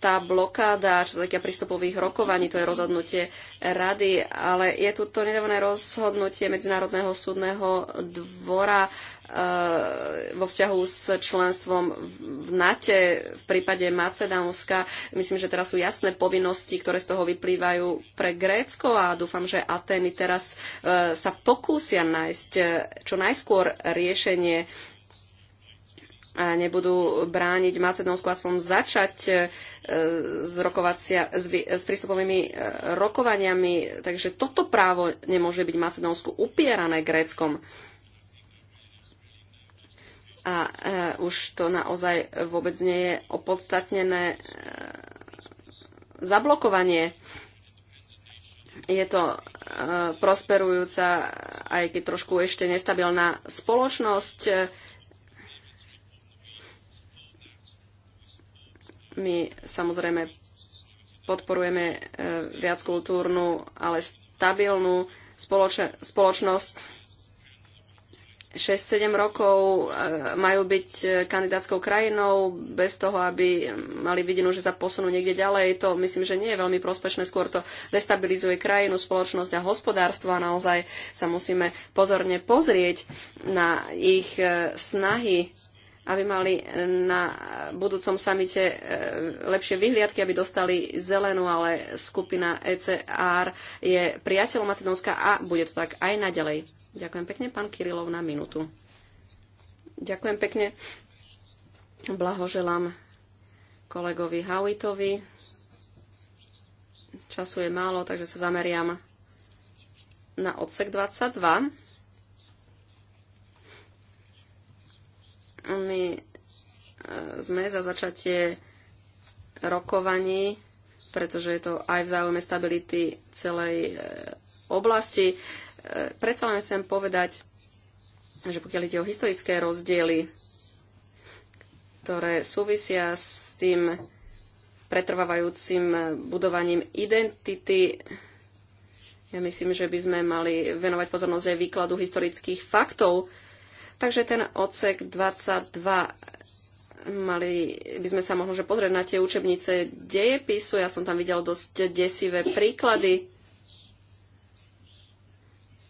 tá blokáda, čo sa týka prístupových rokovaní, to je rozhodnutie rady, ale je tu to nedávne rozhodnutie Medzinárodného súdneho dvora e, vo vzťahu s členstvom v NATE v prípade Macedánska. Myslím, že teraz sú jasné povinnosti, ktoré z toho vyplývajú pre Grécko a dúfam, že Atény teraz e, sa pokúsia nájsť e, čo najskôr riešenie nebudú brániť Macedónsku aspoň začať e, s, rokovacia, s, s prístupovými e, rokovaniami. Takže toto právo nemôže byť Macedónsku upierané Gréckom. A e, už to naozaj vôbec nie je opodstatnené zablokovanie. Je to prosperujúca, aj keď trošku ešte nestabilná spoločnosť. My samozrejme podporujeme e, viac kultúrnu, ale stabilnú spoloč- spoločnosť. 6-7 rokov e, majú byť e, kandidátskou krajinou bez toho, aby mali vidinu, že sa posunú niekde ďalej. To myslím, že nie je veľmi prospešné. Skôr to destabilizuje krajinu, spoločnosť a hospodárstvo a naozaj sa musíme pozorne pozrieť na ich snahy aby mali na budúcom samite e, lepšie vyhliadky, aby dostali zelenú, ale skupina ECR je priateľ Macedónska a bude to tak aj naďalej. Ďakujem pekne, pán Kirilov, na minútu. Ďakujem pekne. Blahoželám kolegovi Hawitovi. Času je málo, takže sa zameriam na odsek 22 My e, sme za začatie rokovaní, pretože je to aj v záujme stability celej e, oblasti. E, predsa len chcem povedať, že pokiaľ ide o historické rozdiely, ktoré súvisia s tým pretrvávajúcim budovaním identity, ja myslím, že by sme mali venovať pozornosť aj výkladu historických faktov, Takže ten odsek 22 mali, by sme sa možno že pozrieť na tie učebnice dejepisu. Ja som tam videl dosť desivé príklady.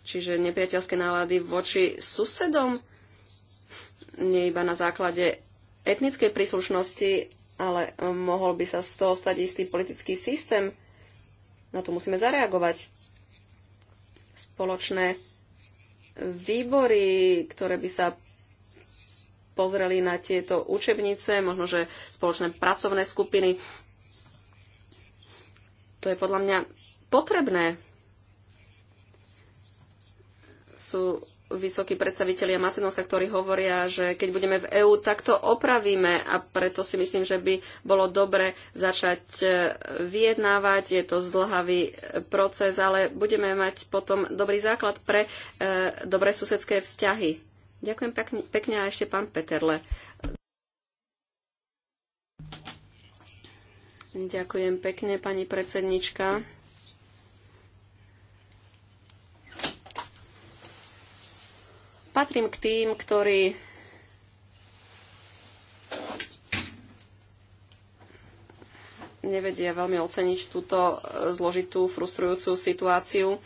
Čiže nepriateľské nálady voči susedom, nie iba na základe etnickej príslušnosti, ale mohol by sa z toho stať istý politický systém. Na to musíme zareagovať. Spoločné výbory, ktoré by sa pozreli na tieto učebnice, možno, že spoločné pracovné skupiny. To je podľa mňa potrebné. Sú vysokí predstavitelia Macedónska, ktorí hovoria, že keď budeme v EÚ, tak to opravíme a preto si myslím, že by bolo dobre začať e, vyjednávať. Je to zdlhavý e, proces, ale budeme mať potom dobrý základ pre e, dobré susedské vzťahy. Ďakujem pekne, pekne a ešte pán Peterle. Ďakujem pekne, pani predsednička. Patrím k tým, ktorí nevedia veľmi oceniť túto e, zložitú, frustrujúcu situáciu.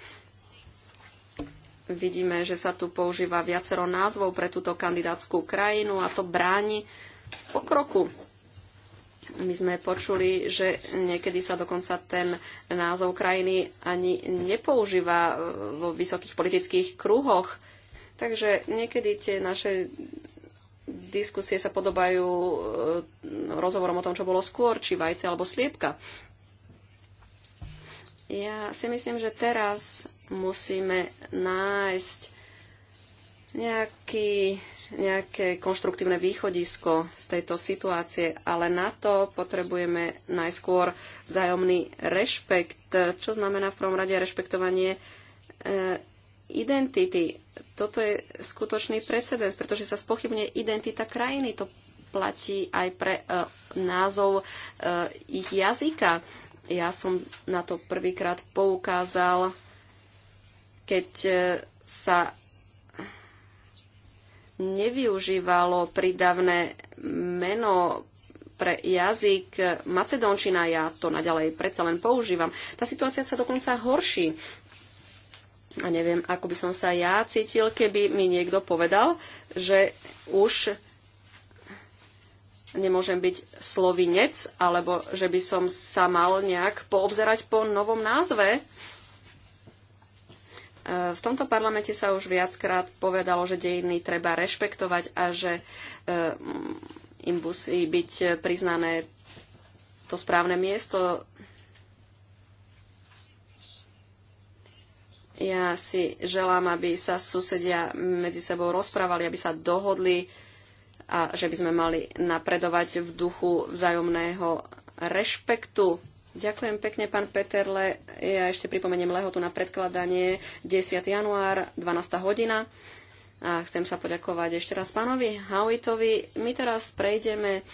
Vidíme, že sa tu používa viacero názvov pre túto kandidátskú krajinu a to bráni pokroku. My sme počuli, že niekedy sa dokonca ten názov krajiny ani nepoužíva e, vo vysokých politických kruhoch. Takže niekedy tie naše diskusie sa podobajú e, rozhovorom o tom, čo bolo skôr, či vajce alebo sliepka. Ja si myslím, že teraz musíme nájsť nejaký, nejaké konštruktívne východisko z tejto situácie, ale na to potrebujeme najskôr vzájomný rešpekt, čo znamená v prvom rade rešpektovanie e, identity. Toto je skutočný precedens, pretože sa spochybne identita krajiny. To platí aj pre e, názov e, ich jazyka. Ja som na to prvýkrát poukázal, keď e, sa nevyužívalo pridavné meno pre jazyk Macedónčina, ja to naďalej predsa len používam. Tá situácia sa dokonca horší. A neviem, ako by som sa ja cítil, keby mi niekto povedal, že už nemôžem byť slovinec, alebo že by som sa mal nejak poobzerať po novom názve. E, v tomto parlamente sa už viackrát povedalo, že dejiny treba rešpektovať a že e, im musí byť priznané to správne miesto Ja si želám, aby sa susedia medzi sebou rozprávali, aby sa dohodli a že by sme mali napredovať v duchu vzájomného rešpektu. Ďakujem pekne, pán Peterle. Ja ešte pripomeniem lehotu na predkladanie 10. január, 12. hodina. A chcem sa poďakovať ešte raz pánovi Howitovi. My teraz prejdeme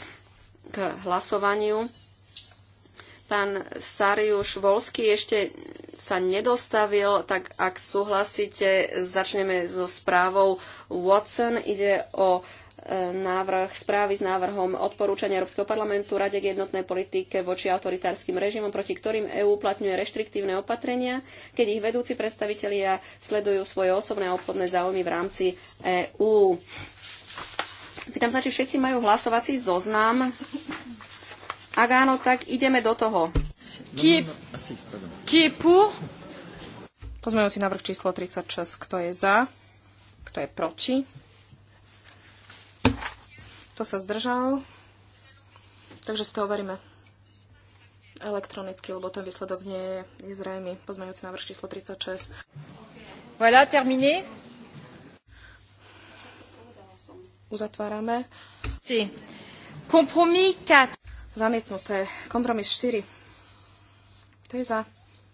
k hlasovaniu. Pán Sariuš Volský ešte sa nedostavil, tak ak súhlasíte, začneme so správou Watson. Ide o e, návrh správy s návrhom odporúčania Európskeho parlamentu Rade k jednotnej politike voči autoritárskym režimom, proti ktorým EÚ uplatňuje reštriktívne opatrenia, keď ich vedúci predstavitelia sledujú svoje osobné a obchodné záujmy v rámci EÚ. Pýtam sa, či všetci majú hlasovací zoznam. Ak áno, tak ideme do toho. Qui est pour? si návrh číslo 36. Kto je za? Kto je proti? Kto sa zdržal? Takže si to overíme elektronicky, lebo ten výsledok nie je, je zrejmy. Pozmeňujúci návrh číslo 36. Voilà, terminé. Uzatvárame. Si. Kompromis 4. Zamietnuté. Kompromis 4. To je za.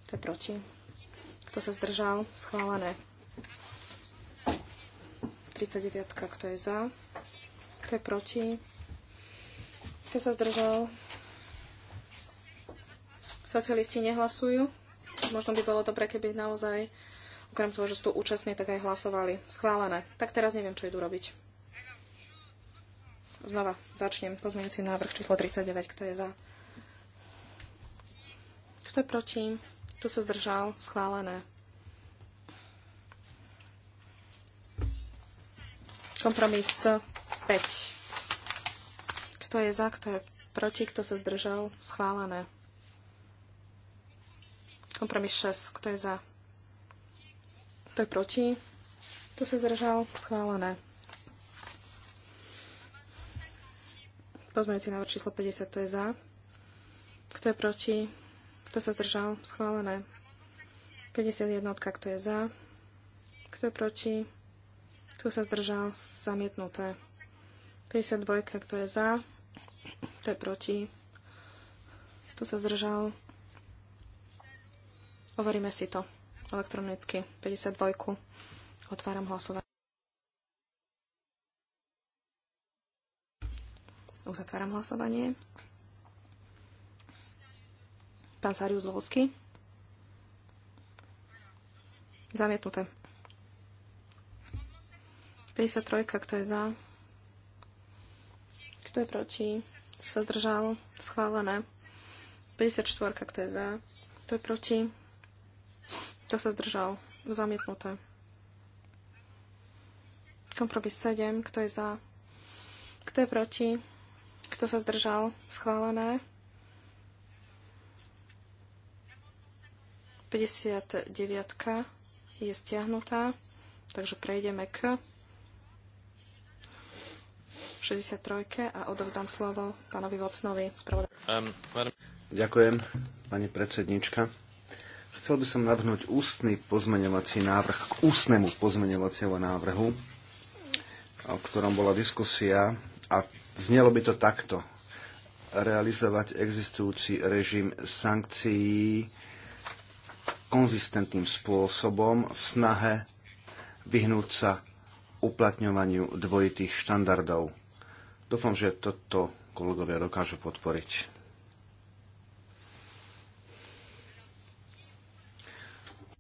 To je proti. Kto sa zdržal? Schválené. 39. Kto je za? Kto je proti? Kto sa zdržal? Socialisti nehlasujú. Možno by bolo dobre, keby naozaj, okrem toho, že sú tu účastní, tak aj hlasovali. Schválené. Tak teraz neviem, čo idú robiť. Znova začnem. Pozmeňujúci návrh číslo 39. Kto je za? Kto je proti? Kto sa zdržal? Schválené. Kompromis 5. Kto je za? Kto je proti? Kto sa zdržal? Schválené. Kompromis 6. Kto je za? Kto je proti? Kto sa zdržal? Schválené. Pozmeňujúci návrh číslo 50, to je za. Kto je proti? Kto sa zdržal? Schválené. 51, kto je za? Kto je proti? Kto sa zdržal? Zamietnuté. 52, kto je za? Kto je proti? Kto sa zdržal? Overíme si to elektronicky. 52. Otváram hlasovanie. Uzatváram hlasovanie. Pán Sarius Volsky. Zamietnuté. 53, kto je za? Kto je proti? Kto sa zdržal? Schválené. 54, kto je za? Kto je proti? Kto sa zdržal? Zamietnuté. Kompromis 7, kto je za? Kto je proti? Kto sa zdržal? Schválené. 59 je stiahnutá, takže prejdeme k 63 a odovzdám slovo pánovi Vocnovi. Um, Ďakujem, pani predsednička. Chcel by som navrhnúť ústny pozmeňovací návrh k ústnemu pozmeňovacieho návrhu, o ktorom bola diskusia a Znelo by to takto. Realizovať existujúci režim sankcií konzistentným spôsobom v snahe vyhnúť sa uplatňovaniu dvojitých štandardov. Dúfam, že toto kolegovia dokážu podporiť.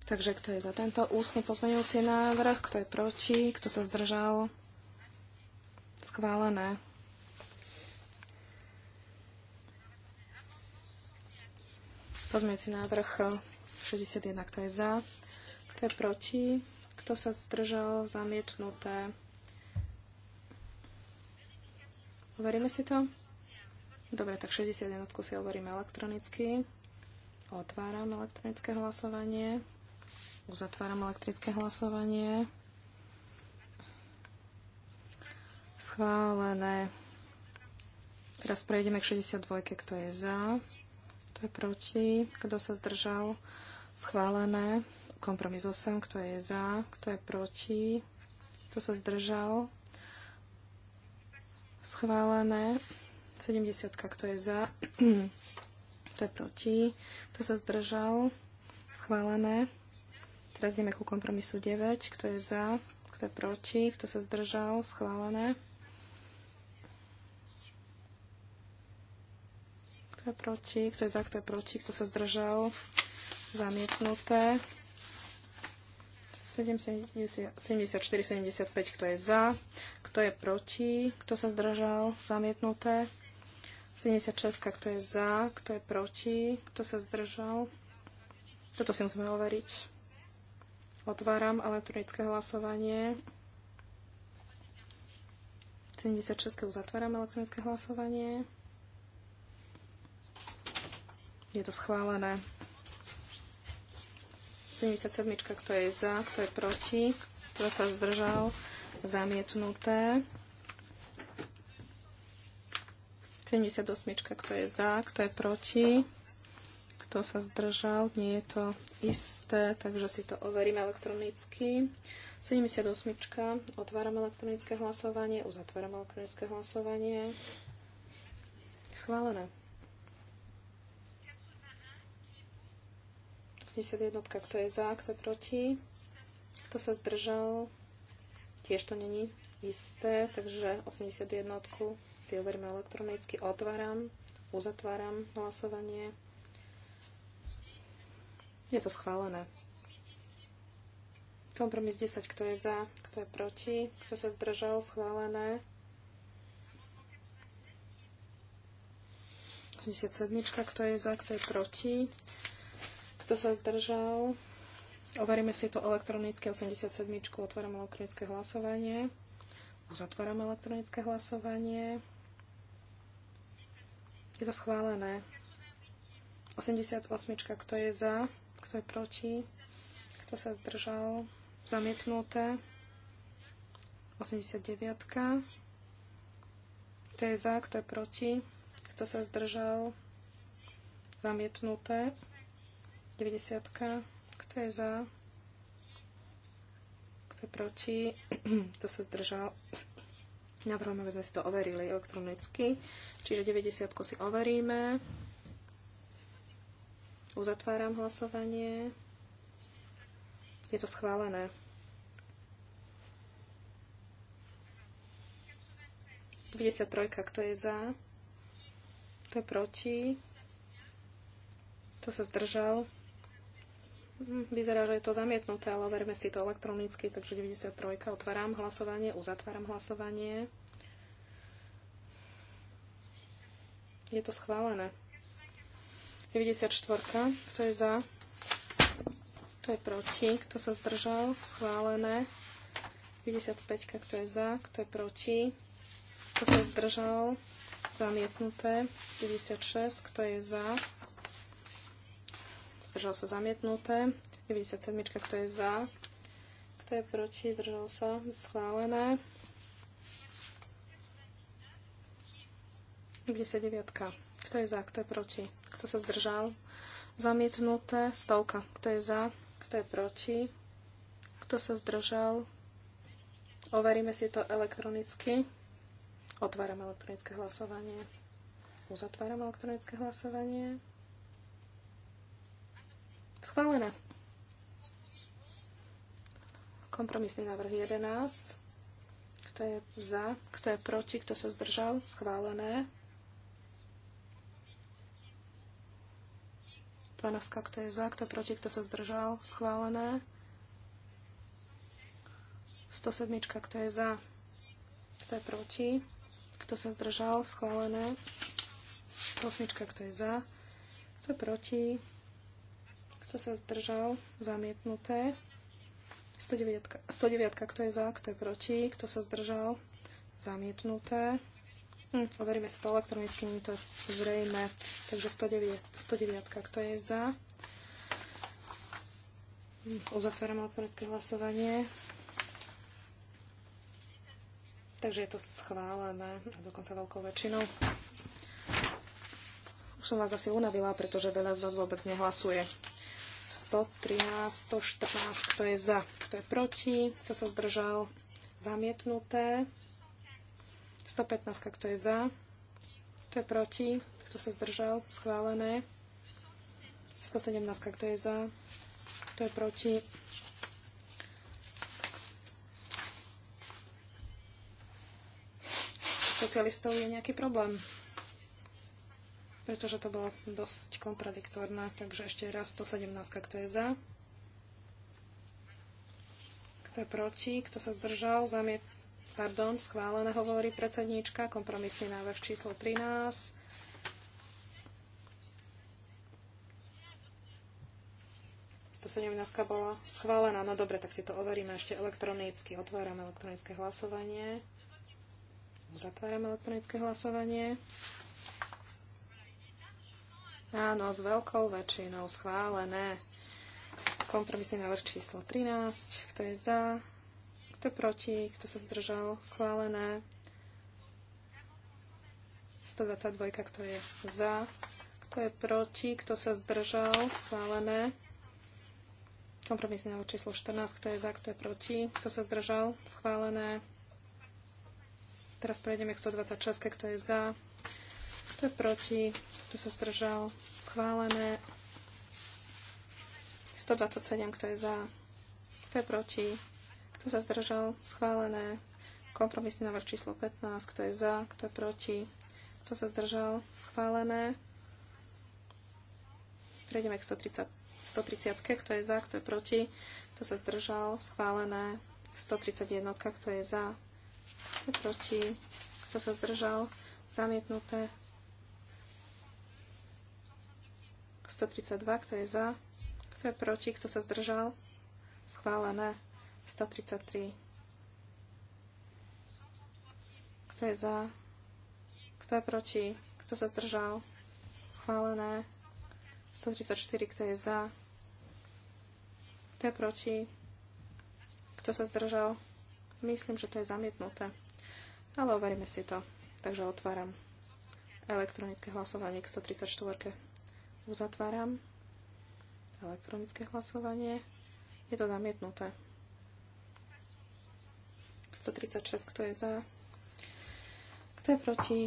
Takže kto je za tento ústny pozmeňujúci návrh, kto je proti, kto sa zdržal? Schválené. Pozmeňujúci návrh 61, eh, kto je za, kto je proti, kto sa zdržal, zamietnuté. Overíme si to? Dobre, tak 61 si overíme elektronicky. Otváram elektronické hlasovanie. Uzatváram elektrické hlasovanie. Schválené. Teraz prejdeme k 62, kto je za, kto je proti, kto sa zdržal, schválené. Kompromis 8, kto je za, kto je proti, kto sa zdržal, schválené. 70, kto je za, kto je proti, kto sa zdržal, schválené. Teraz ideme ku kompromisu 9, kto je za, kto je proti, kto sa zdržal, schválené. kto je proti, kto je za, kto je proti, kto sa zdržal, zamietnuté. 74, 75, kto je za, kto je proti, kto sa zdržal, zamietnuté. 76, kto je za, kto je proti, kto sa zdržal. Toto si musíme overiť. Otváram elektronické hlasovanie. 76 uzatváram elektronické hlasovanie. Je to schválené. 77. Kto je za, kto je proti, kto sa zdržal, zamietnuté. 78. Kto je za, kto je proti, kto sa zdržal, nie je to isté, takže si to overíme elektronicky. 78. Otváram elektronické hlasovanie, uzatváram elektronické hlasovanie. Schválené. 81. Kto je za, kto je proti? Kto sa zdržal? Tiež to není isté, takže 81. si overíme elektronicky. Otváram, uzatváram hlasovanie. Je to schválené. Kompromis 10, kto je za, kto je proti, kto sa zdržal, schválené. 87, kto je za, kto je proti, kto sa zdržal? Overíme si to elektronické 87. Otváram elektronické hlasovanie. Uzatváram elektronické hlasovanie. Je to schválené. 88. Kto je za? Kto je proti? Kto sa zdržal? Zamietnuté. 89. Kto je za? Kto je proti? Kto sa zdržal? Zamietnuté. 90. Kto je za? Kto je proti? Kto sa zdržal? Navrhujeme, aby sme si to overili elektronicky. Čiže 90 si overíme. Uzatváram hlasovanie. Je to schválené. 93, kto je za? Kto je proti? Kto sa zdržal? Vyzerá, že je to zamietnuté, ale verme si to elektronicky, takže 93. Otváram hlasovanie, uzatváram hlasovanie. Je to schválené. 94. Kto je za? Kto je proti? Kto sa zdržal? Schválené. 95. Kto je za? Kto je proti? Kto sa zdržal? Zamietnuté. 96. Kto je za? zdržal sa zamietnuté. 97, kto je za, kto je proti, zdržal sa schválené. 99, kto je za, kto je proti, kto sa zdržal, zamietnuté. Stovka, kto je za, kto je proti, kto sa zdržal. Overíme si to elektronicky. Otváram elektronické hlasovanie. Uzatváram elektronické hlasovanie. Schválené. Kompromisný návrh 11. Kto je za? Kto je proti? Kto sa zdržal? Schválené. 12. Kto je za? Kto je proti? Kto sa zdržal? Schválené. 107. Kto je za? Kto je proti? Kto sa zdržal? Schválené. 108. Kto je za? Kto je proti? Kto sa zdržal? Zamietnuté. 109, 109 kto je za, kto je proti, kto sa zdržal? Zamietnuté. Hm, overíme si to elektronicky, nie to zrejme. Takže 109, 109 kto je za. Hm, uzatváram elektronické hlasovanie. Takže je to schválené a dokonca veľkou väčšinou. Už som vás asi unavila, pretože veľa z vás vôbec nehlasuje. 113, 114, kto je za, kto je proti, kto sa zdržal, zamietnuté. 115, kto je za, kto je proti, kto sa zdržal, schválené. 117, kto je za, kto je proti. Socialistov je nejaký problém pretože to bolo dosť kontradiktorná. Takže ešte raz 117, kto je za, kto je proti, kto sa zdržal, zamiet... Pardon, schválené hovorí predsedníčka, kompromisný návrh číslo 13. sedemnáctka bola schválená. No dobre, tak si to overíme ešte elektronicky. Otváram elektronické hlasovanie. Uzatváram elektronické hlasovanie. Áno, s veľkou väčšinou schválené. Kompromisný návrh číslo 13. Kto je za? Kto proti? Kto sa zdržal? Schválené. 122. Kto je za? Kto je proti? Kto sa zdržal? Schválené. Kompromisný návrh číslo 14. Kto je za? Kto je proti? Kto sa zdržal? Schválené. Teraz prejdeme k 126. Kto je za? Kto je proti? Kto sa zdržal? Schválené. 127. Kto je za? Kto je proti? Kto sa zdržal? Schválené. Kompromisný návrh číslo 15. Kto je za? Kto je proti? Kto sa zdržal? Schválené. Prejdeme k 130. 130. Kto je za? Kto je proti? Kto sa zdržal? Schválené. 131. Kto je za? Kto je proti? Kto sa zdržal? Zamietnuté. 132, kto je za, kto je proti, kto sa zdržal, schválené. 133. Kto je za? Kto je proti? Kto sa zdržal? Schválené. 134. Kto je za? Kto je proti? Kto sa zdržal? Myslím, že to je zamietnuté. Ale overíme si to. Takže otváram elektronické hlasovanie k 134. Uzatváram elektronické hlasovanie. Je to zamietnuté. 136, kto je za, kto je proti,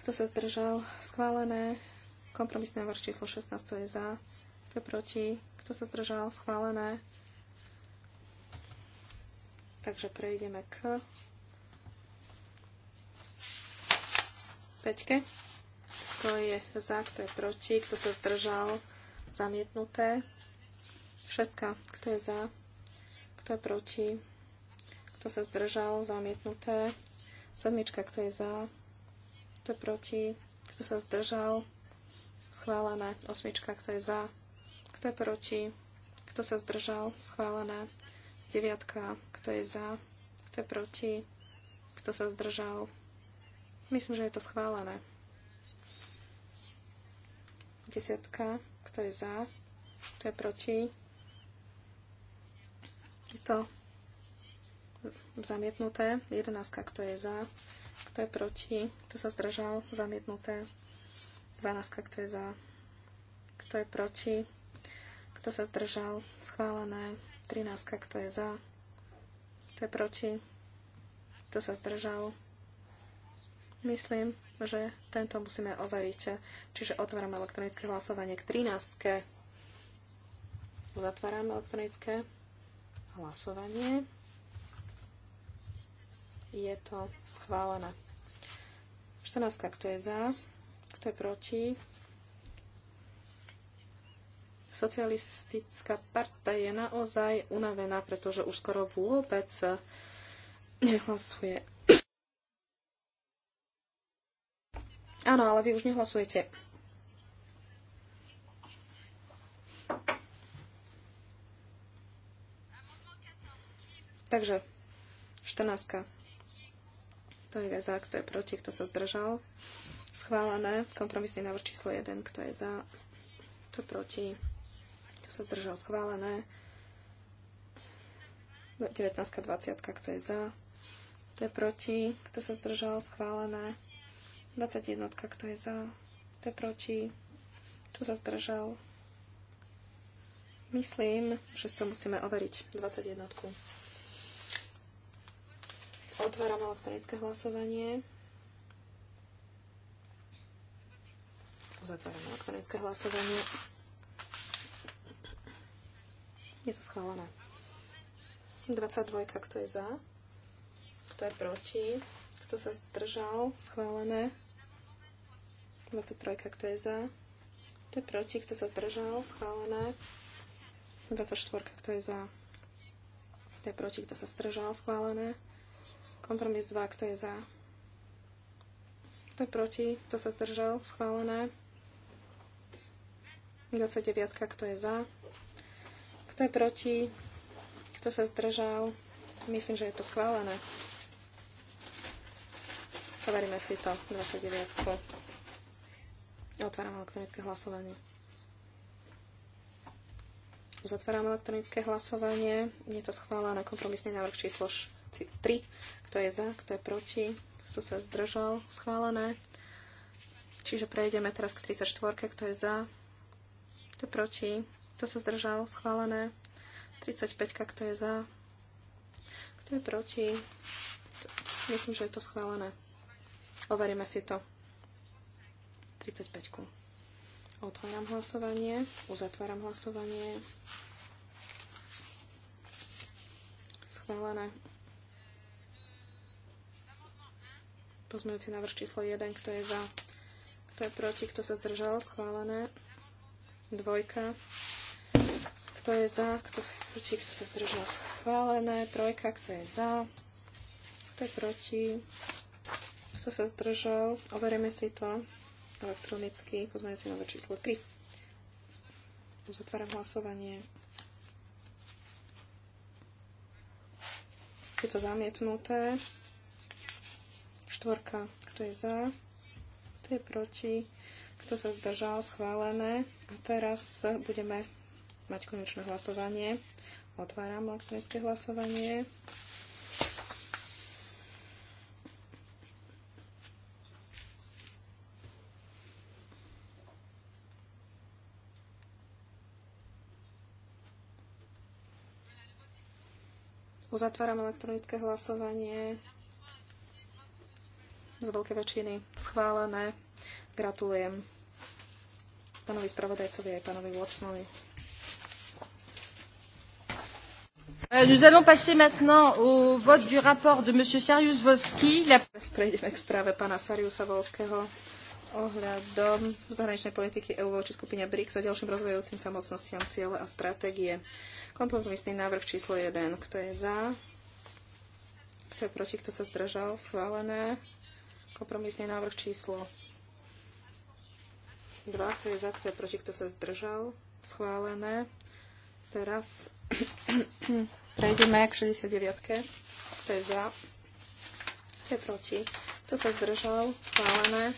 kto sa zdržal, schválené. Kompromisný návrh číslo 16, kto je za, kto je proti, kto sa zdržal, schválené. Takže prejdeme k 5. Kto je za, kto je proti, kto sa zdržal, zamietnuté. Šestka, kto je za, kto je proti, kto sa zdržal, zamietnuté. Sedmička, kto je za, kto je proti, kto sa zdržal, schválené. Osmička, kto je za, kto je proti, kto sa zdržal, schválené. Deviatka, kto je za, kto je proti, kto sa zdržal. Myslím, že je to schválené. 60. Kto je za? Kto je proti? Je to zamietnuté. 11. Kto je za? Kto je proti? Kto sa zdržal? Zamietnuté. 12. Kto je za? Kto je proti? Kto sa zdržal? Schválené. 13. Kto je za? Kto je proti? Kto sa zdržal? Myslím, že tento musíme overiť. Čiže otváram elektronické hlasovanie k 13. Uzatváram elektronické hlasovanie. Je to schválené. 14. Kto je za? Kto je proti? Socialistická parta je naozaj unavená, pretože už skoro vôbec nehlasuje Áno, ale vy už nehlasujete. Takže 14. To je za, kto je proti, kto sa zdržal. Schválené. Kompromisný návrh číslo 1, kto je za, kto proti, kto sa zdržal. Schválené. 19. 20. Kto je za, kto je proti, kto sa zdržal. Schválené. 21, kto je za, kto je proti, kto sa zdržal. Myslím, že si to musíme overiť. 21. Otváram elektronické hlasovanie. Uzatváram elektronické hlasovanie. Je to schválené. 22, kto je za? Kto je proti? Kto sa zdržal? Schválené. 23, kto je za, To je proti, kto sa zdržal, schválené. 24, kto je za, kto je proti, kto sa zdržal, schválené. Kompromis 2, kto je za, kto je proti, kto sa zdržal, schválené. 29, kto je za, kto je proti, kto sa zdržal, myslím, že je to schválené. Overíme si to, 29. Otváram elektronické hlasovanie. Uzatváram elektronické hlasovanie. Je to schválené kompromisný návrh číslo 3. Kto je za, kto je proti, kto sa zdržal, schválené. Čiže prejdeme teraz k 34. Kto je za, kto je proti, kto sa zdržal, schválené. 35. Kto je za, kto je proti. Myslím, že je to schválené. Overíme si to. 35. Otváram hlasovanie, uzatváram hlasovanie. Schválené. Pozmeňujúci návrh číslo 1, kto je za, kto je proti, kto sa zdržal, schválené. Dvojka, kto je za, kto je proti, kto sa zdržal, schválené. Trojka, kto je za, kto je proti, kto sa zdržal, overíme si to. Elektronicky si nové číslo 3. Uzatváram hlasovanie. Je to zamietnuté. Štvorka. Kto je za? Kto je proti? Kto sa zdržal? Schválené. A teraz budeme mať konečné hlasovanie. Otváram elektronické hlasovanie. Uzatváram elektronické hlasovanie. Z veľké väčšiny schválené. Gratulujem pánovi spravodajcovi aj pánovi Watsonovi. Euh, nous allons passer maintenant au vote du rapport de M. Sarius Volsky. La... Prejdeme k správe pána Sariusa Volského ohľadom zahraničnej politiky EU voči skupine BRICS a ďalším rozvojujúcim sa mocnostiam ciele a stratégie. Kompromisný návrh číslo 1. Kto je za? Kto je proti? Kto sa zdržal? Schválené. Kompromisný návrh číslo 2. Kto je za? Kto je proti? Kto sa zdržal? Schválené. Teraz prejdeme k 69. Kto je za? Kto je proti? Kto sa zdržal? Schválené.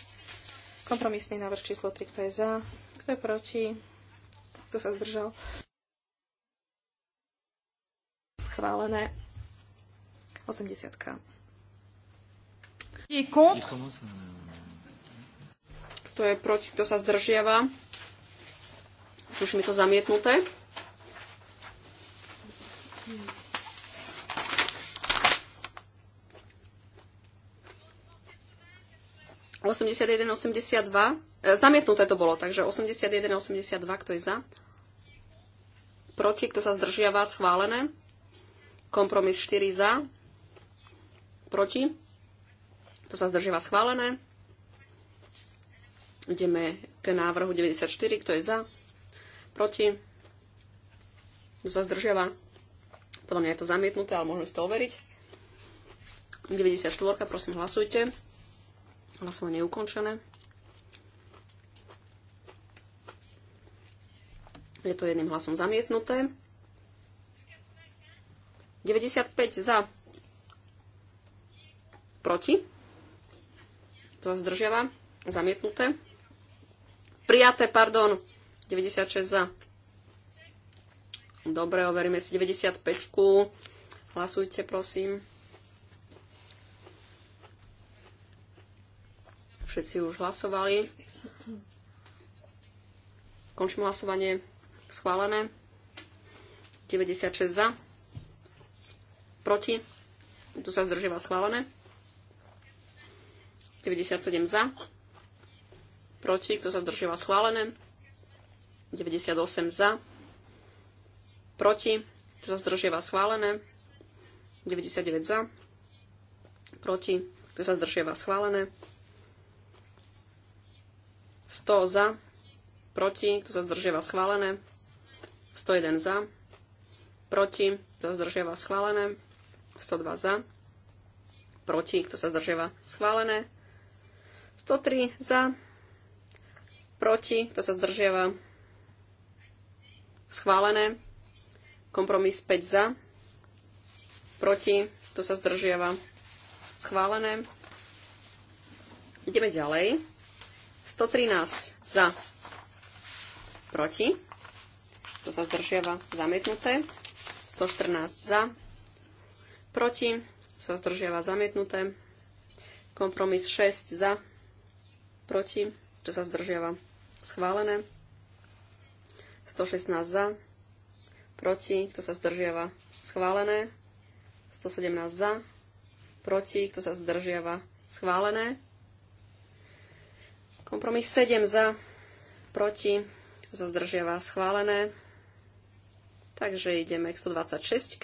Kompromisný návrh číslo 3. Kto je za? Kto je proti? Kto sa zdržal? schválené. 80. -ka. Euh, kto je proti, kto sa zdržiava? Už mi to zamietnuté. Osemdesiat e, Zamietnuté to bolo, takže 81, 82, kto je za? Proti, kto sa zdržiava, schválené. Kompromis 4 za, proti. To sa zdržíva schválené. Ideme k návrhu 94, kto je za, proti. To sa zdržiava. Podľa mňa je to zamietnuté, ale môžeme si to overiť. 94, prosím, hlasujte. Hlasovanie je ukončené. Je to jedným hlasom zamietnuté. 95 za. Proti. To zdržiava. Zamietnuté. Prijaté, pardon. 96 za. Dobre, overíme si 95. -ku. Hlasujte, prosím. Všetci už hlasovali. Končím hlasovanie. Schválené. 96 za proti, tu sa zdržíva schválené. 97 za, proti, kto sa zdržíva schválené. 98 za, proti, kto sa zdržíva schválené. 99 za, proti, kto sa zdržíva schválené. 100 za, proti, kto sa zdržíva schválené. 101 za, proti, kto sa zdržíva schválené. 102 za, proti, kto sa zdržiava, schválené. 103 za, proti, kto sa zdržiava, schválené. Kompromis 5 za, proti, kto sa zdržiava, schválené. Ideme ďalej. 113 za, proti, kto sa zdržiava, zamietnuté. 114 za, proti, sa zdržiava zamietnuté. Kompromis 6 za, proti, čo sa zdržiava schválené. 116 za, proti, kto sa zdržiava schválené. 117 za, proti, kto sa zdržiava schválené. Kompromis 7 za, proti, kto sa zdržiava schválené. Takže ideme k 126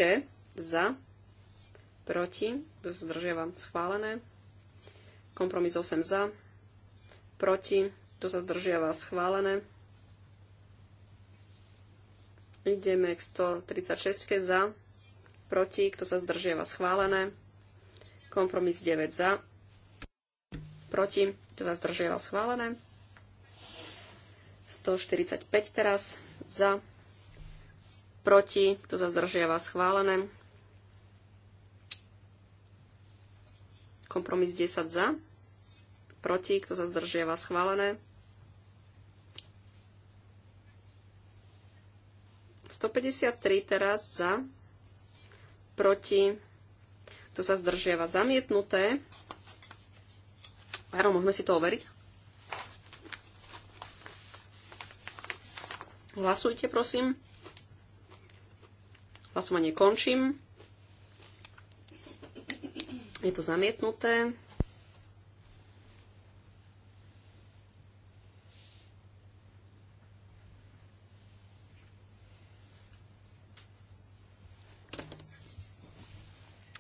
za, proti, zdržiavam schválené. Kompromis 8 za, proti, to sa zdržiava schválené. Ideme k 136 za, proti, kto sa zdržiava schválené. Kompromis 9 za, proti, kto sa zdržiava schválené. 145 teraz za, proti, kto sa zdržiava schválené. Kompromis 10 za. Proti, kto sa zdržiava, schválené. 153 teraz za, proti, to sa zdržiava zamietnuté. Áno, môžeme si to overiť. Hlasujte, prosím. Hlasovanie končím. Je to zamietnuté.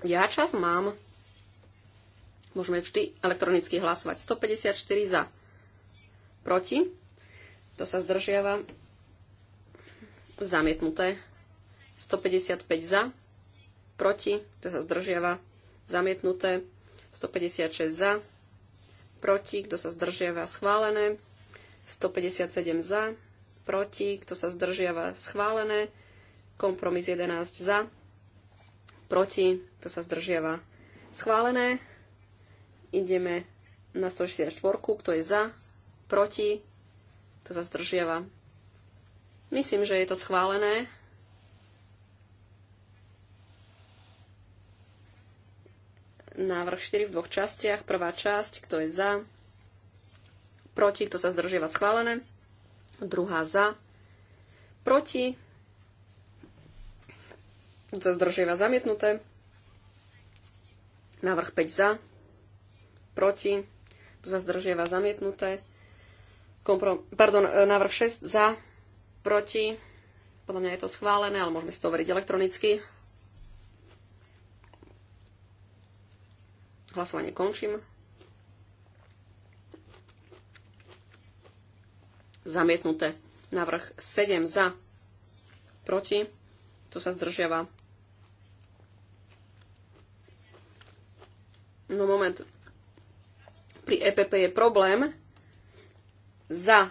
Ja čas mám. Môžeme vždy elektronicky hlasovať. 154 za. Proti. To sa zdržiava. Zamietnuté. 155 za. Proti. To sa zdržiava zamietnuté, 156 za, proti, kto sa zdržiava, schválené, 157 za, proti, kto sa zdržiava, schválené, kompromis 11 za, proti, kto sa zdržiava, schválené. Ideme na 164, kto je za, proti, kto sa zdržiava. Myslím, že je to schválené, návrh 4 v dvoch častiach. Prvá časť, kto je za, proti, kto sa zdržieva schválené. Druhá za, proti, kto sa zdržieva zamietnuté. Návrh 5 za, proti, kto sa zdržieva zamietnuté. Komprom- pardon, e, návrh 6 za, proti, podľa mňa je to schválené, ale môžeme si to overiť elektronicky. Hlasovanie končím. Zamietnuté. Navrh 7 za. Proti. To sa zdržiava. No moment. Pri EPP je problém. Za.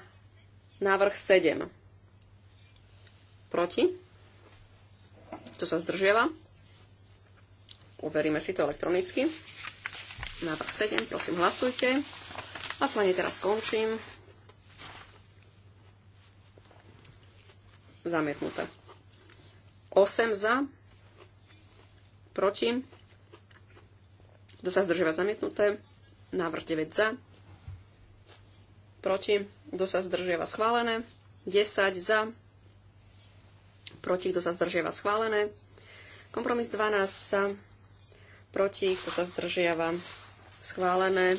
Návrh 7. Proti. To sa zdržiava. Overíme si to elektronicky. Návrh 7, prosím, hlasujte. Hlasovanie teraz končím. Zamietnuté. 8 za, proti. Kto sa zdržíva zamietnuté? Návrh 9 za, proti. Kto sa zdržiava schválené? 10 za, proti. Kto sa zdržiava schválené? Kompromis 12 za, proti. Kto sa zdržiava schválené.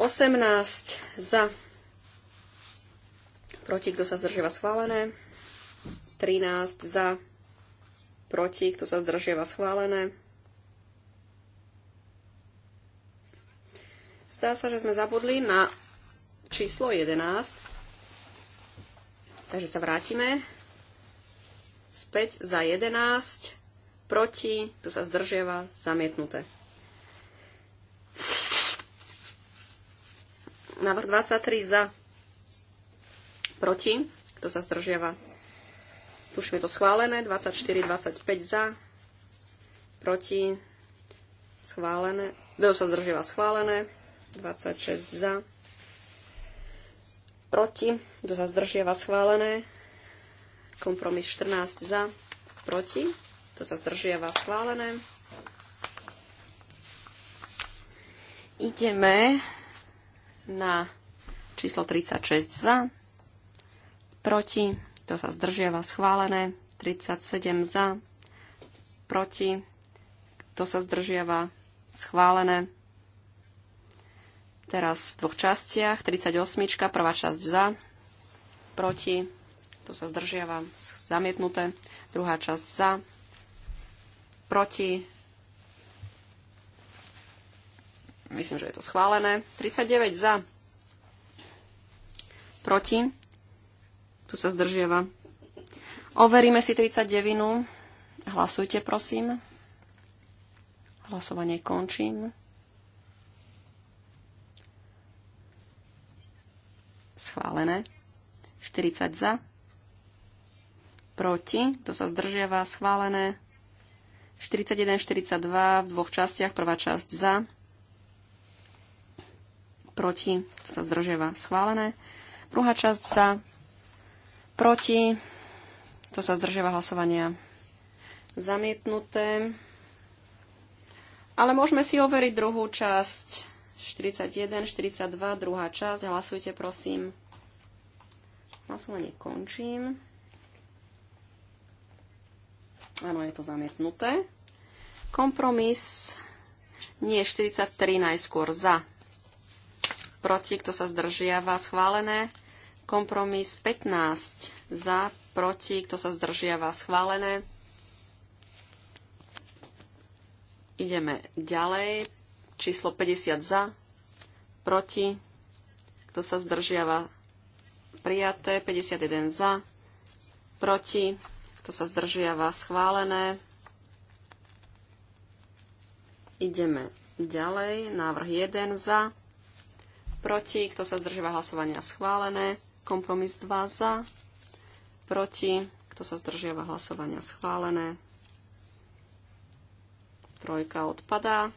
18 za, proti, kto sa zdržiava schválené. 13 za, proti, kto sa zdržiava schválené. Zdá sa, že sme zabudli na číslo 11. Takže sa vrátime. Späť za 11. Proti, kto sa zdržiava, zamietnuté. Návrh 23 za. Proti. Kto sa zdržiava? Tuším, je to schválené. 24, 25 za. Proti. Schválené. Kto sa zdržiava? Schválené. 26 za. Proti. Kto sa zdržiava? Schválené. Kompromis 14 za. Proti. Kto sa zdržiava? Schválené. Ideme na číslo 36 za, proti, to sa zdržiava schválené, 37 za, proti, to sa zdržiava schválené. Teraz v dvoch častiach, 38, prvá časť za, proti, to sa zdržiava zamietnuté, druhá časť za, proti, Myslím, že je to schválené. 39 za. Proti. Tu sa zdržiava. Overíme si 39. Hlasujte, prosím. Hlasovanie končím. Schválené. 40 za. Proti. To sa zdržiava. Schválené. 41, 42 v dvoch častiach. Prvá časť za proti, to sa zdržiava schválené. Druhá časť za, proti, to sa zdržiava hlasovania zamietnuté. Ale môžeme si overiť druhú časť. 41, 42, druhá časť. Hlasujte, prosím. Hlasovanie končím. Áno, je to zamietnuté. Kompromis nie 43 najskôr za proti, kto sa zdržiava, schválené. Kompromis 15 za, proti, kto sa zdržiava, schválené. Ideme ďalej. Číslo 50 za, proti, kto sa zdržiava, prijaté. 51 za, proti, kto sa zdržiava, schválené. Ideme ďalej. Návrh 1 za, proti, kto sa zdržíva hlasovania schválené, kompromis 2 za, proti, kto sa zdržiava hlasovania schválené, trojka odpadá.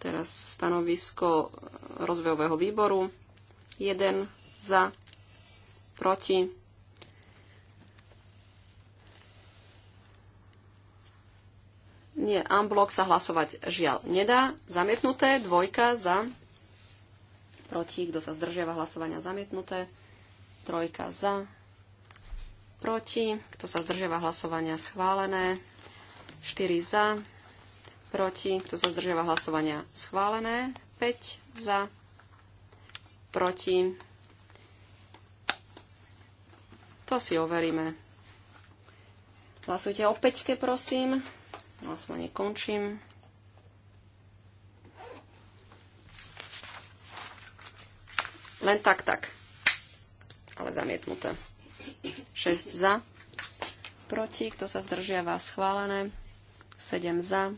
Teraz stanovisko rozvojového výboru. 1 za, proti. Nie, unblock sa hlasovať žiaľ nedá. Zamietnuté, dvojka za, proti, kto sa zdržiava hlasovania zamietnuté, trojka za, proti, kto sa zdržiava hlasovania schválené, 4 za, proti, kto sa zdržiava hlasovania schválené, 5 za, proti, to si overíme. Hlasujte o peťke, prosím. Hlasovanie končím. Len tak, tak. Ale zamietnuté. 6 za. Proti. Kto sa zdržiava? Schválené. 7 za.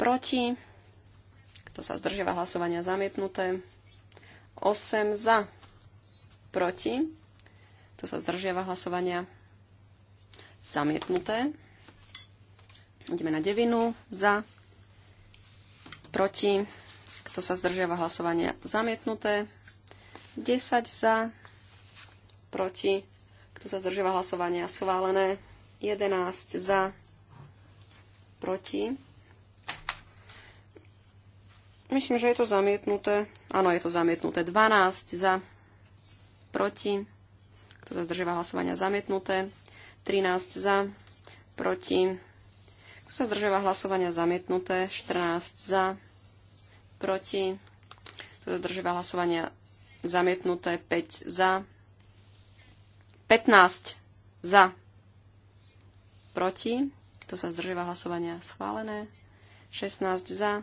Proti. Kto sa zdržiava hlasovania? Zamietnuté. 8 za. Proti. Kto sa zdržiava hlasovania? Zamietnuté. Ideme na devinu. Za. Proti kto sa zdržiava hlasovania? Zamietnuté. 10 za. Proti. Kto sa zdržiava hlasovania? Schválené. 11 za. Proti. Myslím, že je to zamietnuté. Áno, je to zamietnuté. 12 za. Proti. Kto sa zdržiava hlasovania? Zamietnuté. 13 za. Proti. Kto sa zdržiava hlasovania? Zamietnuté. 14 za proti, kto hlasovania zamietnuté, 5 za, 15 za, proti, kto sa zdržiava hlasovania schválené, 16 za,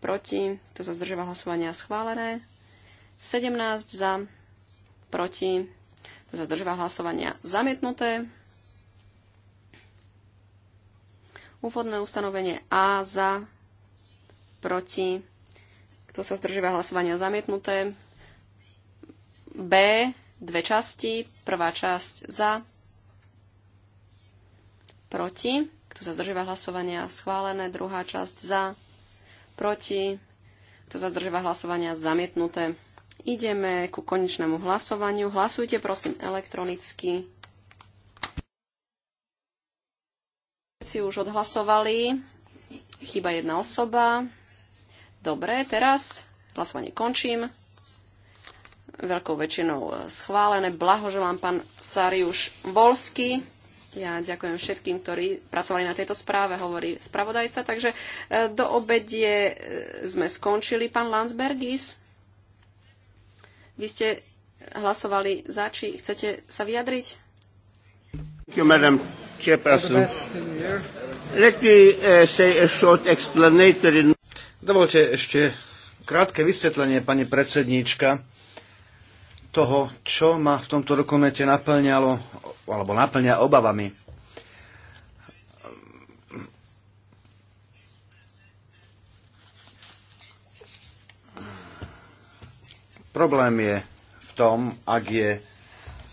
proti, kto sa zdržiava hlasovania schválené, 17 za, proti, kto sa zdržiava hlasovania zamietnuté, úvodné ustanovenie A za, proti, kto sa zdržíva hlasovania zamietnuté? B. Dve časti. Prvá časť za. Proti. Kto sa zdržíva hlasovania schválené? Druhá časť za. Proti. Kto sa zdržíva hlasovania zamietnuté? Ideme ku konečnému hlasovaniu. Hlasujte prosím elektronicky. Všetci už odhlasovali. Chyba jedna osoba. Dobre, teraz hlasovanie končím. Veľkou väčšinou schválené. Blahoželám pán Sariuš Volsky. Ja ďakujem všetkým, ktorí pracovali na tejto správe, hovorí spravodajca. Takže e, do obedie e, sme skončili. Pán Landsbergis, vy ste hlasovali za, či chcete sa vyjadriť? Thank you, madam chairperson. Let me uh, say a short explanatory Dovolte ešte krátke vysvetlenie, pani predsedníčka, toho, čo ma v tomto dokumente naplňalo, alebo naplňa obavami. Problém je v tom, ak je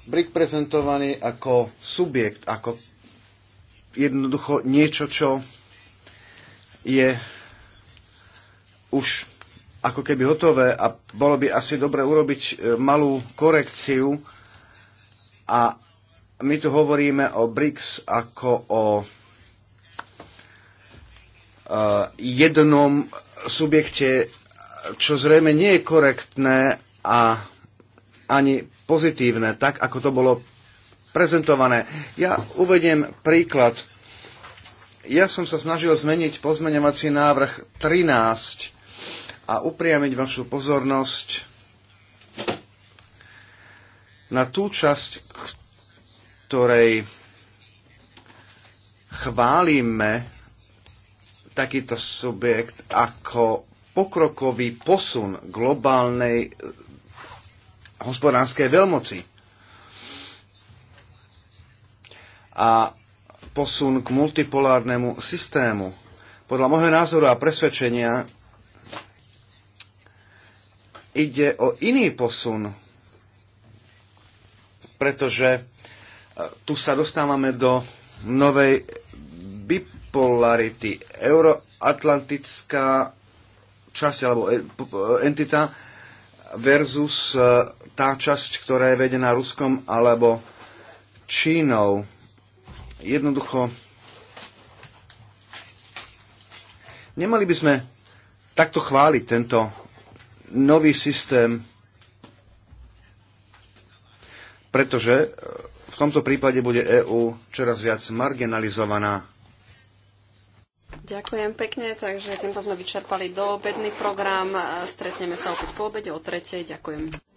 BRIC prezentovaný ako subjekt, ako jednoducho niečo, čo je už ako keby hotové a bolo by asi dobre urobiť e, malú korekciu a my tu hovoríme o BRICS ako o e, jednom subjekte, čo zrejme nie je korektné a ani pozitívne, tak ako to bolo prezentované. Ja uvediem príklad. Ja som sa snažil zmeniť pozmeňovací návrh 13 a upriamiť vašu pozornosť na tú časť, ktorej chválime takýto subjekt ako pokrokový posun globálnej hospodárskej veľmoci a posun k multipolárnemu systému. Podľa môjho názoru a presvedčenia ide o iný posun, pretože e, tu sa dostávame do novej bipolarity. Euroatlantická časť alebo e, entita versus e, tá časť, ktorá je vedená Ruskom alebo Čínou. Jednoducho, nemali by sme takto chváliť tento nový systém, pretože e, v tomto prípade bude EÚ čoraz viac marginalizovaná. Ďakujem pekne, takže týmto sme vyčerpali do obedný program. E, Stretneme sa opäť po obede o tretej. Ďakujem.